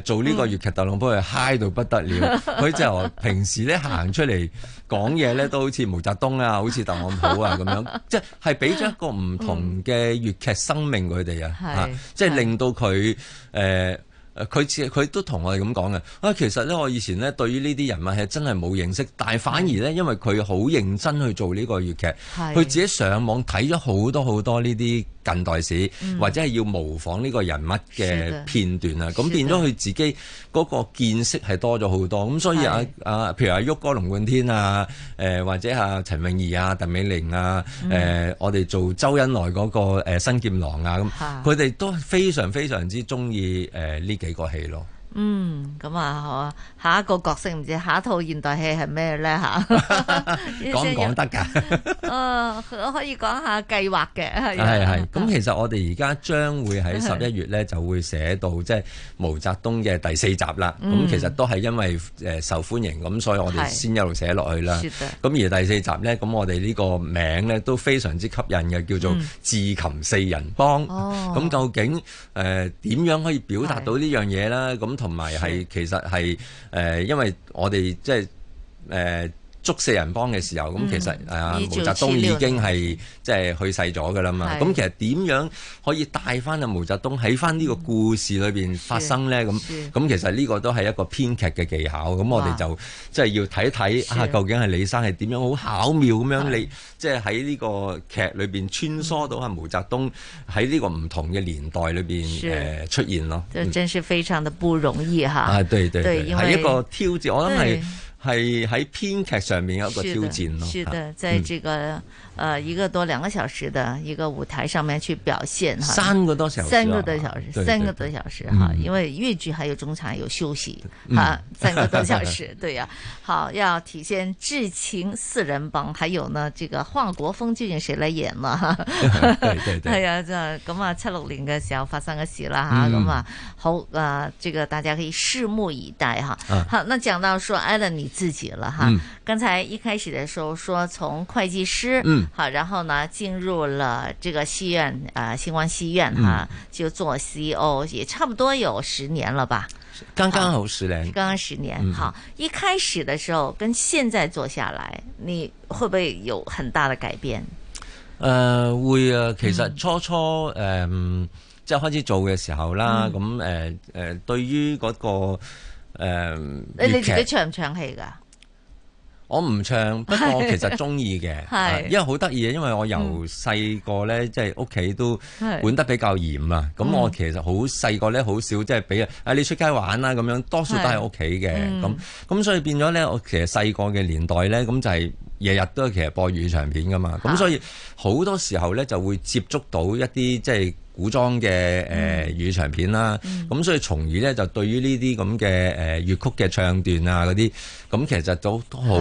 Speaker 5: 誒做呢個粵劇特朗普係嗨到不得了，佢 [LAUGHS] 就平時咧行出嚟講嘢咧都好似毛澤東啊，好似特朗普啊咁樣，即係係俾咗一個唔同嘅粵劇生命佢哋、嗯、啊，即係令到佢誒佢佢都同我哋咁講嘅啊，其實咧我以前咧對於呢啲人物係真係冇認識，但係反而咧、嗯、因為佢好認真去做呢個粵劇，佢自己上網睇咗好多好多呢啲。近代史或者係要模仿呢個人物嘅片段啊，咁變咗佢自己嗰個見識係多咗好多，咁所以啊啊，的譬如阿旭哥龍貫天啊，誒、呃、或者阿、啊、陳詠儀啊、鄧美玲啊，誒的、呃、我哋做周恩來嗰個新劍郎啊，咁佢哋都非常非常之中意誒呢幾個戲咯。
Speaker 3: 嗯，咁啊，好啊！下一個角色唔知下一套現代戲係咩咧吓？講唔講得噶？啊，可以講下計劃嘅。係係係。
Speaker 5: 咁其實我哋而家將會喺十一月咧，就會寫到即係毛澤東嘅第四集啦。咁其實都係因為誒受歡迎，咁所以我哋先一路寫落去啦。咁而第四集咧，咁我哋呢個名咧都非常之吸引嘅，叫做《智擒四人幫》。咁究竟誒點樣可以表達到呢樣嘢咧？咁同埋係，其實係誒、呃，因為我哋即係誒。呃捉四人幫嘅時候，咁、嗯、其實、嗯、毛澤東已經係即係去世咗噶啦嘛。咁其實點樣可以帶翻阿毛澤東喺翻呢個故事裏邊發生呢？咁咁其實呢個都係一個編劇嘅技巧。咁我哋就即係要睇一睇啊，究竟係李生係點樣好巧妙咁樣，你即係喺呢個劇裏邊穿梭到啊毛澤東喺呢個唔同嘅年代裏邊誒、呃、出現咯。
Speaker 3: 就真係非常的不容易哈、嗯啊！對
Speaker 5: 對,對，係一個挑戰，我諗係。係喺編劇上面一個挑戰咯，係啊。係啊，即係呢
Speaker 3: 個嗯呃，一個多兩個小時的一個舞台上面去表現哈、啊，三個多小時，啊、三個多小時，三個多小時哈，因為粵劇還有中場有休息哈、嗯啊，三個多小時，嗯、對呀、啊，好 [LAUGHS] [LAUGHS] 要體現至情四人幫，還有呢這個華國鋒究竟誰來演嘛？ [LAUGHS] [LAUGHS] 對對，對、 [LAUGHS] 哎呀，係啊，就咁啊，七六零嘅時候發生嘅事啦，吓，咁、嗯、啊，好啊、呃，這個大家可以拭目以待哈、啊，好，那講到說艾倫你自己了哈。嗯剛才一開始的時候說從會計師，嗯，好，然後呢進入了這個戲院啊、呃，新光戲院哈、嗯啊，就做 CEO 也差不多有十年了吧，剛剛好十年，啊、剛剛十年、嗯。好，一開始的時候跟現在做下來，你會不會有很大的改變？
Speaker 5: 呃，會啊。其實初初，誒、嗯呃，即係開始做嘅時候啦，咁、嗯、誒、誒、呃，對於嗰、那個，誒、呃，你你自己
Speaker 3: 唱唔唱戲噶？劇
Speaker 5: 我唔唱，不過我其實中意嘅，的因為好得意嘅，因為我由細個咧，嗯、即係屋企都管得比較嚴啊。咁的我其實好細個咧，好少即係俾啊你出街玩啦咁樣，多數都喺屋企嘅。咁咁的所以變咗咧，我其實細個嘅年代咧，咁就係、是。日日都係其實播粵語長片噶嘛，咁、啊、所以好多時候呢就會接觸到一啲即係古裝嘅誒粵語長片啦。咁、嗯嗯、所以從而呢，就對於呢啲咁嘅誒粵曲嘅唱段啊嗰啲，咁其實都都好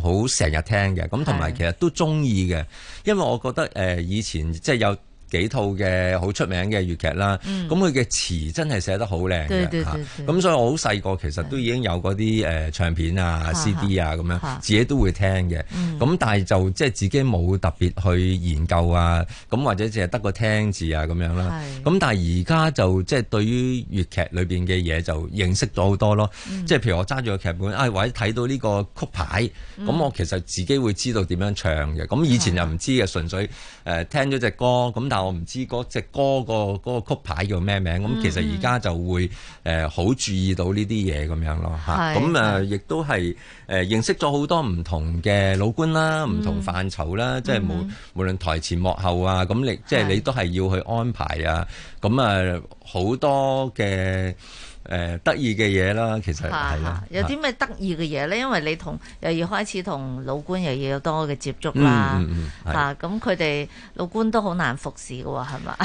Speaker 5: 好成日聽嘅。咁同埋其實都中意嘅，因為我覺得誒以前即係有，幾套嘅好出名嘅粵劇啦，咁佢嘅詞真係寫得好靚嘅，咁、啊、所以我好細個其實都已經有嗰啲唱片啊、對對對 CD 啊咁樣，自己都會聽嘅。咁、嗯、但係就即係自己冇特別去研究啊，咁或者淨係得個聽字啊咁樣啦。咁但係而家就即係對於粵劇裏面嘅嘢就認識咗好多咯。即、嗯、係譬如我揸住個劇本，啊或者睇到呢個曲牌，咁、嗯、我其實自己會知道點樣唱嘅。咁以前又唔知嘅，純粹誒聽咗隻歌咁，但我唔知嗰隻歌、個嗰個曲牌叫咩名？咁其實而家就會誒好、呃、注意到呢啲嘢咁樣咯嚇，咁誒亦都係誒、呃、認識咗好多唔同嘅老倌啦，唔同範疇啦，嗯、即係無無論台前幕後啊，咁你即係你都係要去安排啊，咁啊好多嘅。誒、呃，得意嘅嘢啦，其實係、啊啊、有啲
Speaker 3: 咩得意嘅嘢咧？因為你同又要開始同老官又要有多嘅接觸啦，吓咁佢哋老官都好難服侍嘅喎、哦，係嘛？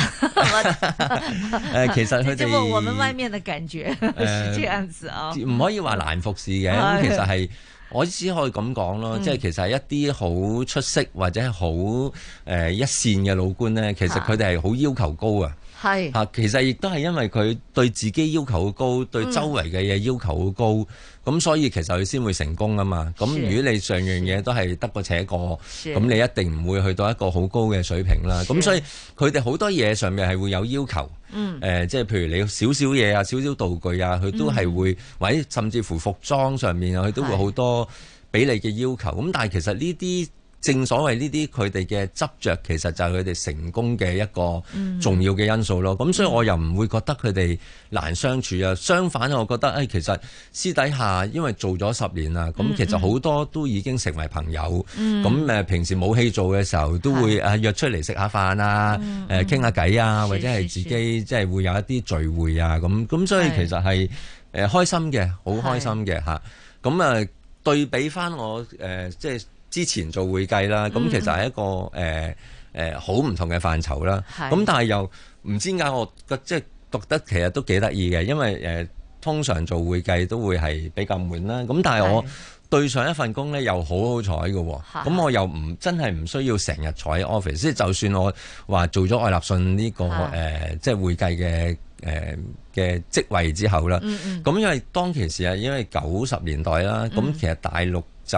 Speaker 3: 誒，其實佢哋就，我哋外面嘅感覺，係、呃、這樣子啊、哦。唔可
Speaker 5: 以話難服侍嘅，咁 [LAUGHS] 其實係我只可以咁講咯， [LAUGHS] 即係其實係一啲好出色或者係好誒一線嘅老官咧，其實佢哋係好要求高啊。係吓，是其實亦都係因為佢對自己要求好高，嗯、對周圍嘅嘢要求好高，咁、嗯、所以其實佢先會成功啊嘛。咁是如果你上樣嘢都係得過且過，咁是你一定唔會去到一個好高嘅水平啦。咁是所以佢哋好多嘢上面係會有要求，誒、嗯，即係、呃、譬如你少少嘢啊、少少道具啊，佢都係會，嗯、或者甚至乎服裝上面啊，佢都會好多俾你嘅要求。咁是但係其實呢啲。正所謂呢啲佢哋嘅執着其實就係佢哋成功嘅一個重要嘅因素咯。咁、嗯、所以我又唔會覺得佢哋難相處啊、嗯。相反，我覺得、哎、其實私底下因為做咗十年啦，咁、嗯、其實好多都已經成為朋友。咁、嗯、平時冇戲做嘅時候，都會誒約出嚟食下飯、嗯、啊，傾下偈啊，或者係自己即係會有一啲聚會啊。咁咁所以其實係誒開心嘅，好開心嘅嚇。咁啊對比翻我、呃、即係。之前做會計啦，咁、嗯、其實係一個誒誒好唔同嘅範疇啦。咁的但係又唔知點解我即係、就是、讀得其實都幾得意嘅，因為誒、呃、通常做會計都會係比較悶啦。咁但係我的對上一份工呢，又好好彩嘅，咁我又唔真係唔需要成日坐喺 office。即係就算我話做咗愛立信呢、這個誒的、呃、即係會計嘅誒嘅職位之後啦，咁、嗯嗯、因為當其時啊，因為九十年代啦，咁、嗯嗯、其實大陸。就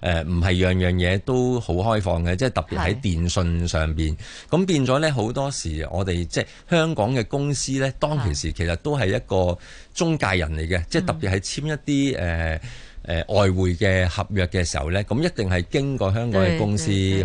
Speaker 5: 誒，唔係樣樣嘢都好開放嘅，即係特別喺電訊上面。咁變咗呢，好多時我哋即係香港嘅公司呢，當其時其實都係一個中介人嚟嘅，即係特別係簽一啲、呃呃、外匯嘅合約嘅時候呢，咁一定係經過香港嘅公司去去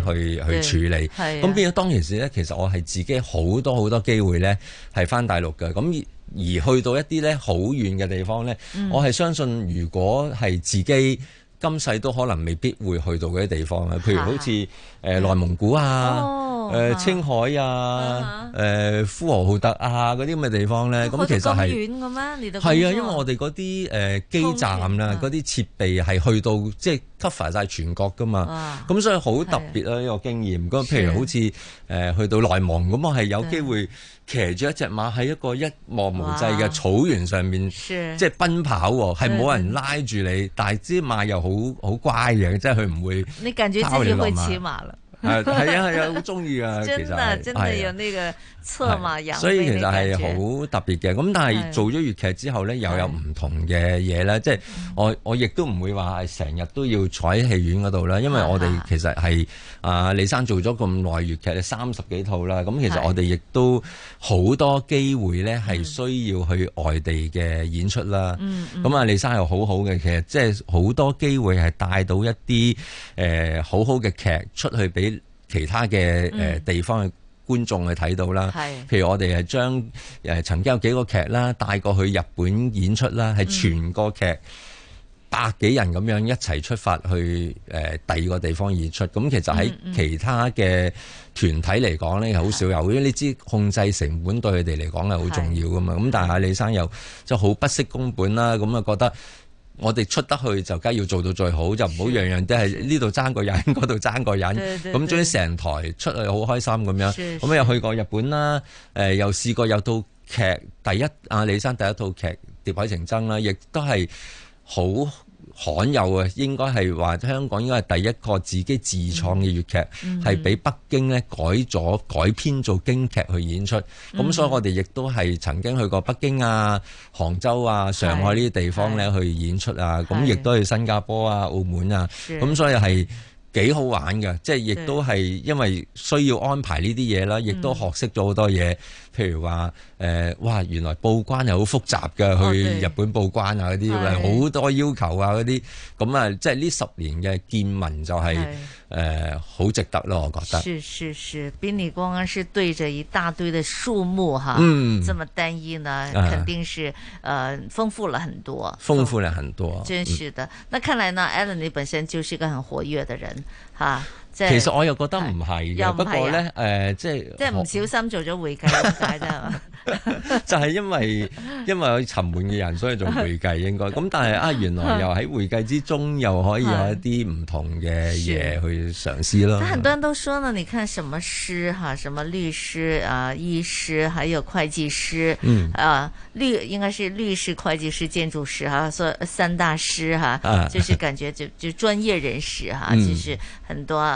Speaker 5: 處理。咁變咗當其時呢，其實我係自己好多好多機會呢係翻大陸嘅咁，而去到一啲呢好遠嘅地方呢，我係相信如果係自己。今世都可能未必會去到嗰啲地方，譬如好似誒、啊呃、內蒙古啊、誒、哦呃啊、青海啊、誒呼和浩特啊嗰啲咁嘅地方咧，咁其實係係啊，因為我哋嗰啲誒基站啊、嗰、啊、啲設備係去到即係、就是、cover 晒全國噶嘛，咁、啊、所以好特別啊，呢、呢個經驗。咁、啊、譬如好似誒、呃、去到內蒙咁，我係有機會。騎住一隻馬，喺一個一望無際嘅草原上面，即係奔跑，係冇人拉住你，是但係隻馬又好好乖嘅，即係佢唔會
Speaker 3: 拉你落馬。係啊係啊，好
Speaker 5: 中意啊！其實係，係
Speaker 3: 有呢個，所以其實係好
Speaker 5: 特別嘅。咁但係做咗粵劇之後咧，又有唔同嘅嘢啦。即係我我亦都唔會話係成日都要坐喺戲院度啦。因為我哋其實係啊，啊李生做咗咁耐粵劇三十幾套啦。咁其實我哋亦都好多機會咧，係需要去外地嘅演出啦。咁啊，李生又好好嘅，其實即係好多機會係帶到一啲誒、呃、好好嘅劇出去俾。其他嘅誒地方嘅觀眾去睇到啦、嗯，譬如我哋係將誒曾經有幾個劇啦，帶過去日本演出啦，係、嗯、全個劇百幾人咁樣一齊出發去誒、呃、第二個地方演出。咁其實喺其他嘅團體嚟講呢，好、嗯嗯、少有。因為你知道控制成本對佢哋嚟講係好重要㗎嘛。咁但係黎生又就好不惜工本啦，咁啊覺得。我哋出得去就梗要做到最好，就唔好樣樣都係呢度爭個人，嗰度爭個人。咁將成台出去好開心咁樣，咁又去過日本啦，誒、呃、又試過有套劇第一，阿、啊、李生第一套劇《蝶海情僧》啦，亦都係好。罕有嘅，應該係話香港應該係第一個自己自創嘅粵劇，係俾、嗯、北京呢改咗改編做京劇去演出。咁、嗯、所以我哋亦都係曾經去過北京啊、杭州啊、上海呢啲地方呢是去演出啊。咁亦是都去新加坡啊、澳門啊。咁是所以係。幾好玩嘅，即係亦都係因為需要安排呢啲嘢啦，亦都學識咗好多嘢、嗯。譬如話，誒、呃，哇，原來報關係好複雜嘅、哦，去日本報關啊嗰啲，好多要求啊嗰啲，咁啊，即係呢十年嘅見聞就係、是。誒、呃，好值得咯，我覺得。是
Speaker 3: 是是，比你光剛是對着一大堆的樹木哈，嗯，這麼單一呢，肯定是，啊、呃豐富了很多，
Speaker 5: 豐富了很多，真是
Speaker 3: 的、嗯。那看來呢，Ellen 你本身就是一個很活躍的人，哈、啊。其實
Speaker 5: 我又覺得唔係嘅，不過咧誒，呃，即係即係唔小
Speaker 3: 心做咗會計， [LAUGHS] 對嗎 [LAUGHS] 就
Speaker 5: 就係因為因為有沉悶嘅人，所以做會計應該咁。 [LAUGHS] 但係啊，原來又喺會計之中 [LAUGHS] 又可以有一啲唔同嘅嘢去嘗試咯。咁很
Speaker 3: 多人都說呢，你看什麼師哈，什麼律師啊、醫師，還有會計師，嗯啊，律應該是律師、會計師、建築師哈，啊，所以三大師哈，啊啊，就是感覺就就專業人士哈，啊嗯，就是很多。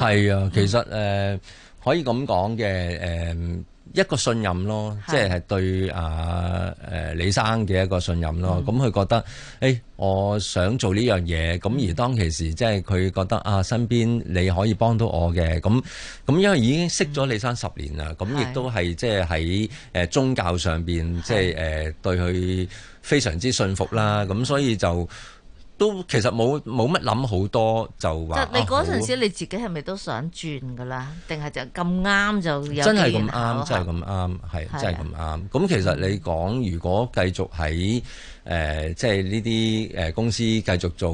Speaker 5: 係啊，其實誒可以咁講嘅誒，一個信任咯，即係、就是、對啊李生嘅一個信任咯。咁、嗯、佢覺得誒、欸，我想做呢樣嘢，咁、嗯、而當其時即係佢覺得啊，身邊你可以幫到我嘅，咁咁因為已經識咗李生十年啦，咁亦都係即係喺宗教上邊，即係誒對佢非常之信服啦，咁所以就，都其實冇冇乜諗好多，就話。即係你嗰陣時，
Speaker 3: 你自己係咪都想轉噶啦？定係就咁啱就有啲？真係咁啱，真係
Speaker 5: 咁啱，係真係咁啱。咁其實你講，如果繼續喺誒，即係呢啲誒公司繼續做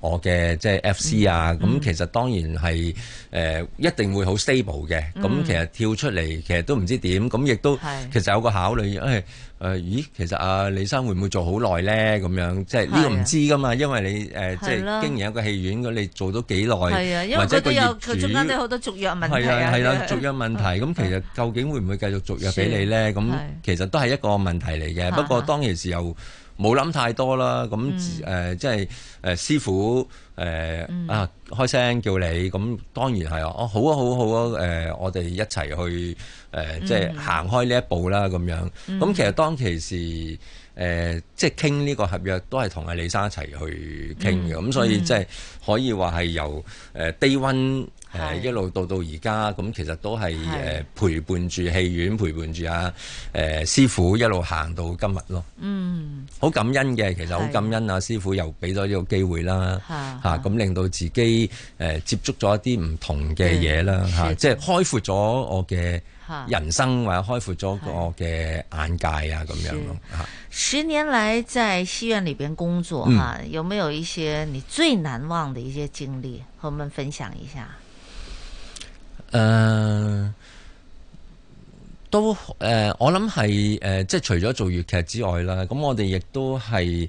Speaker 5: 我嘅即係 FC 啊，咁其實當然係誒一定會好 stable 嘅。咁其實跳出嚟，其實都唔知點。咁亦都其實有個考慮，誒。咦、呃？其實阿李生會唔會做好耐咧？咁樣即係呢個唔知噶嘛、啊，因為你誒、呃啊、即係經營一個戲院，你做咗幾耐，或者個業主，
Speaker 3: 係啊係啦、就是啊啊，續約
Speaker 5: 問題。咁、嗯、其實究竟會唔會繼續續約俾你咧？咁、啊啊、其實都係一個問題嚟嘅、啊。不過當其時又冇諗太多啦。咁誒、啊呃，即係、呃、師傅啊！呃嗯開聲叫你，咁當然係啊！哦，好啊，好啊，好啊！誒、呃，我哋一齊去誒、呃，即係行開呢一步啦，咁樣。咁、嗯、其實當其時，誒、呃，即係傾呢個合約，都係同阿李生一齊去傾嘅。咁、嗯、所以即係可以話係由誒 day one 誒一路到到而家，咁其實都係誒陪伴住戲院，陪伴住阿誒師傅一路行到今日咯。嗯，好感恩嘅，其實好感恩啊。師傅又俾咗呢個機會啦。吓，咁、啊、令到自己。誒，接觸咗一啲唔同嘅嘢啦，吓、嗯，即係開闊咗我嘅人生，或者開闊咗我嘅眼界啊，咁樣咯。
Speaker 3: 十年來在戲院裏邊工作，哈、嗯，有沒有一些你最難忘的一些經歷，和我們分享一下？誒、
Speaker 5: 呃，都誒、呃，我諗係誒，即係除咗做粵劇之外啦，咁我哋亦都係誒，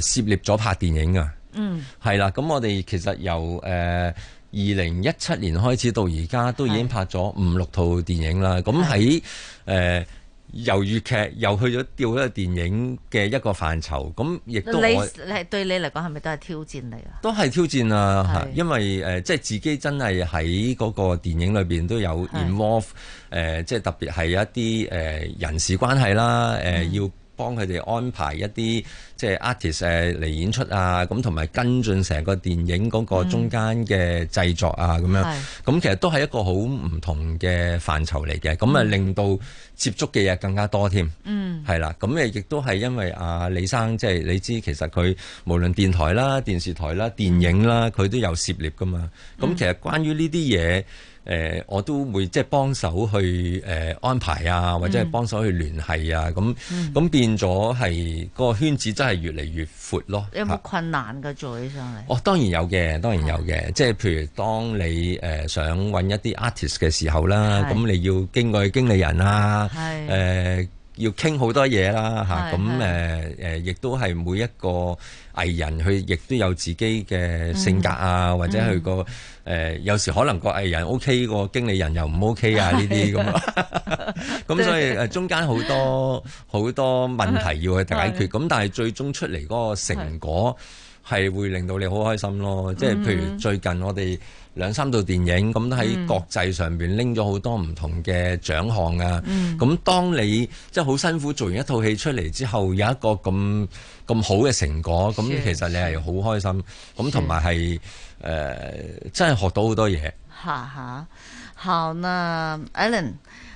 Speaker 5: 涉獵咗拍電影啊。嗯，係啦，咁我哋其實由誒二零一七年開始到而家都已經拍咗五六套電影啦。咁喺、呃、由粵劇又去咗掉一個電影嘅一個範疇，咁亦都我，
Speaker 3: 係對你嚟講係咪都係挑戰嚟啊？
Speaker 5: 都係挑戰啊！嚇，因為、呃、即係自己真係喺嗰個電影裏面都有 involve、呃、即係特別係一啲、呃、人事關係啦，要、呃。嗯幫佢哋安排一啲即係 artist 誒嚟演出啊，咁同埋跟進成個電影嗰個中間嘅製作啊，咁樣，咁其實都係一個好唔同嘅範疇嚟嘅，咁啊令到接觸嘅嘢更加多添，嗯，係啦，咁誒亦都係因為啊李生即係你知其實佢無論電台啦、電視台啦、電影啦，佢都有涉獵㗎嘛，咁其實關於呢啲嘢。誒、呃、我都會即係幫手去誒、呃、安排啊，或者係幫手去聯繫啊，咁、嗯、咁變咗係、那個圈子真係越嚟越闊咯。有冇
Speaker 3: 困難㗎、啊、做起上嚟？
Speaker 5: 哦，當然有嘅，當然有嘅、啊。即係譬如當你誒想搵一啲 artist 嘅時候啦，咁你要經過經理人啊，要傾好多嘢啦嚇，咁誒誒，亦都係每一個藝人佢亦都有自己嘅性格啊，嗯、或者佢個誒、嗯呃，有時可能個藝人 OK 個經理人又唔 OK 啊，呢啲咁咁所以誒中間好多好對 多問題要去解決，咁對 但係最終出嚟嗰個成果係會令到你好開心咯，即係對 是的 譬如最近我哋。兩三套電影咁都喺國際上邊拎咗好多唔同嘅獎項啊！咁、嗯、當你即係好辛苦做完一套戲出嚟之後，有一個咁咁好嘅成果，咁其實你係好開心，咁同埋係誒真係學到好多嘢
Speaker 3: 哈哈。好，喇 Alan。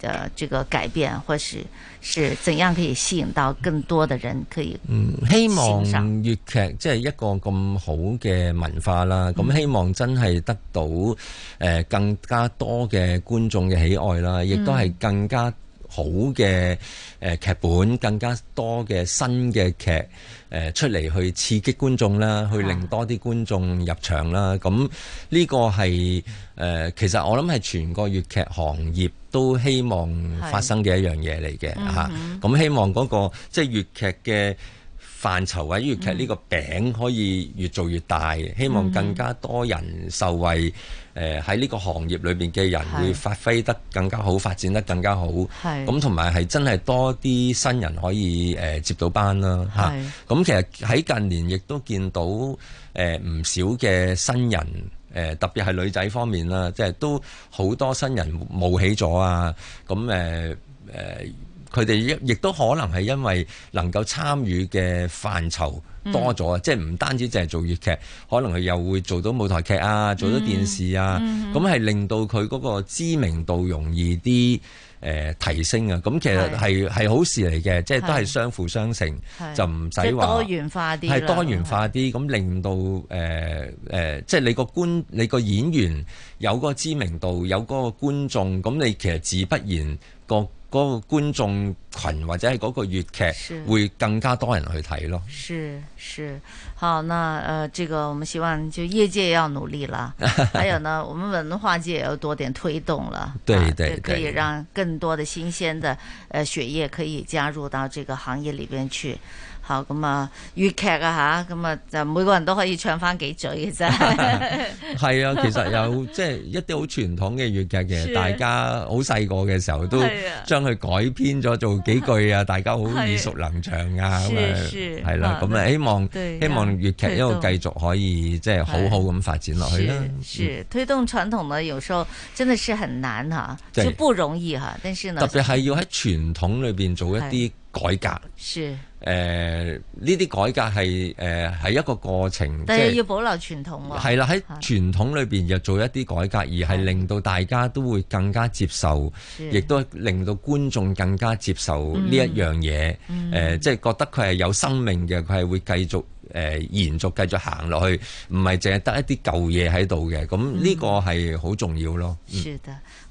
Speaker 3: 嘅，這個改變，或是是怎樣可以吸引到更多的人，可以嗯，
Speaker 5: 希望粵劇即係一個咁好嘅文化啦。咁、嗯、希望真係得到誒、呃、更加多嘅觀眾嘅喜愛啦，亦都係更加好嘅誒劇本，更加多嘅新嘅劇。出嚟去刺激觀眾啦，去令多啲觀眾入場啦。咁呢、這個係誒、呃，其實我諗係全個粵劇行業都希望發生嘅一樣嘢嚟嘅嚇。咁、啊、希望嗰、那個即係粵劇嘅範疇或者粵劇呢個餅可以越做越大，希望更加多人受惠。誒喺呢個行業裏面嘅人會發揮得更加好，發展得更加好。咁，同埋係真係多啲新人可以誒、呃、接到班啦。嚇！咁、啊、其實喺近年亦都見到誒唔、呃、少嘅新人，誒、呃、特別係女仔方面啦，即係都好多新人冒起咗啊！咁誒誒，佢哋亦都可能係因為能夠參與嘅範疇。嗯、多咗即係唔單止淨係做粵劇，可能佢又會做到舞台劇啊，做到電視啊，咁、嗯、係、嗯、令到佢嗰個知名度容易啲、呃、提升啊！咁其實係好事嚟嘅，即係都係相輔相成，就唔使話多
Speaker 3: 元化啲，係多元
Speaker 5: 化啲，咁令到、呃呃、即係你個觀你個演員有嗰個知名度，有嗰個觀眾，咁你其實自不然個。嗰、那個觀眾群或者係嗰個粵劇會更加多人去睇咯是。
Speaker 3: 是是，好，那呃，這個我們希望就業界要努力啦， [LAUGHS] 還有呢，我們文化界也要多點推動啦。
Speaker 5: [LAUGHS] 對對，對、啊，可以
Speaker 3: 讓更多的新鮮的、呃、血液可以加入到這個行業裏邊去。咁啊粵劇啊，吓咁啊，就每個人都可以唱翻幾句嘅啫。係 [LAUGHS] [LAUGHS] 啊，
Speaker 5: 其實有即係、就是、一啲好傳統嘅粵劇嘅，大家好細個嘅時候都將佢改編咗做幾句啊，大家好耳熟能詳啊咁樣，係啦。咁啊，希望希望粵劇一路繼續可以即係好好咁發展落去啦。
Speaker 3: 推動傳統咧，有時候真的是很難嚇，就不容易吓，但是呢，特別係要喺
Speaker 5: 傳統裏邊做一啲改革。是。是誒呢啲改革係、呃、係一個過程，但係要
Speaker 3: 保留傳統喎、啊。係、就、啦、是，喺
Speaker 5: 傳統裏邊又做一啲改革，而係令到大家都會更加接受，亦都令到觀眾更加接受呢一樣嘢。誒、嗯，即、呃、係、就是、覺得佢係有生命嘅，佢係會繼續誒、呃、延續繼續行落去，唔係淨係得一啲舊嘢喺度嘅。咁呢個係好重要咯。嗯。